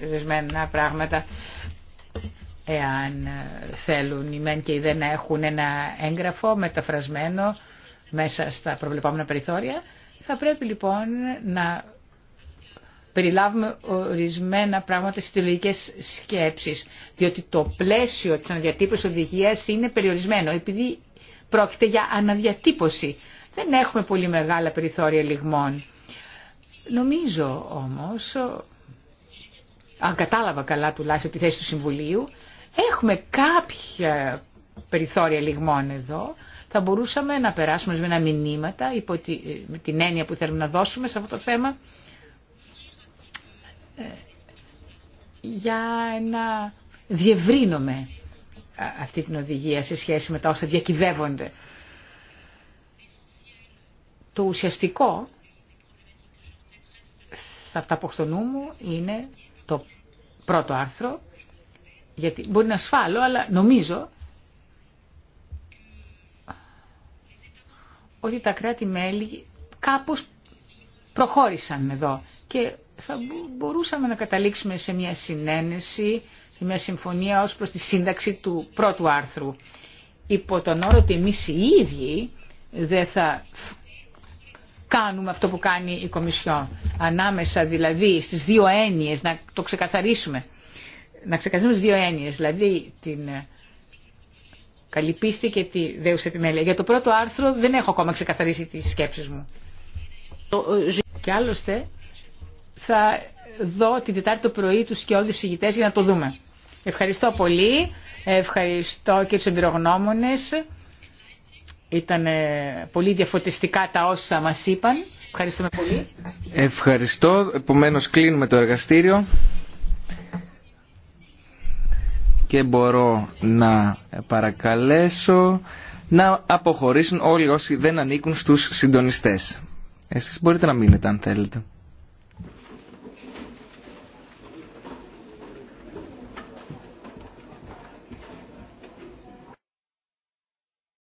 ρεσμένα πράγματα εάν θέλουν οι μεν και οι δεν να έχουν ένα έγγραφο μεταφρασμένο μέσα στα προβλεπόμενα περιθώρια. Θα πρέπει λοιπόν να περιλάβουμε ορισμένα πράγματα στις σκέψεις, διότι το πλαίσιο της αναδιατύπωσης οδηγίας είναι περιορισμένο, επειδή πρόκειται για αναδιατύπωση. Δεν έχουμε πολύ μεγάλα περιθώρια λιγμών. Νομίζω όμως, αν κατάλαβα καλά τουλάχιστον τη θέση του Συμβουλίου, έχουμε κάποια περιθώρια λιγμών εδώ, θα μπορούσαμε να περάσουμε με ένα μηνύματα υπό με την έννοια που θέλουμε να δώσουμε σε αυτό το θέμα για να διευρύνουμε αυτή την οδηγία σε σχέση με τα όσα διακυβεύονται. Το ουσιαστικό, θα τα πω στο νου μου, είναι το πρώτο άρθρο, γιατί μπορεί να ασφάλω, αλλά νομίζω ότι τα κράτη-μέλη κάπως προχώρησαν εδώ και θα μπορούσαμε να καταλήξουμε σε μια συνένεση, σε μια συμφωνία ως προς τη σύνταξη του πρώτου άρθρου. Υπό τον όρο ότι εμείς οι ίδιοι δεν θα κάνουμε αυτό που κάνει η Κομισιόν. Ανάμεσα δηλαδή στις δύο έννοιες, να το ξεκαθαρίσουμε. Να ξεκαθαρίσουμε στις δύο έννοιες, δηλαδή την ε, καλή πίστη και τη δέουσα επιμέλεια. Για το πρώτο άρθρο δεν έχω ακόμα ξεκαθαρίσει τις σκέψεις μου. Ε, ε, και άλλωστε θα δω την Τετάρτη το πρωί τους και όλους τους για να το δούμε. Ευχαριστώ πολύ. Ευχαριστώ και τους εμπειρογνώμονες. Ήταν πολύ διαφωτιστικά τα όσα μας είπαν. Ευχαριστούμε πολύ. Ευχαριστώ. Επομένως κλείνουμε το εργαστήριο και μπορώ να παρακαλέσω να αποχωρήσουν όλοι όσοι δεν ανήκουν στους συντονιστές. Εσείς μπορείτε να μείνετε αν θέλετε.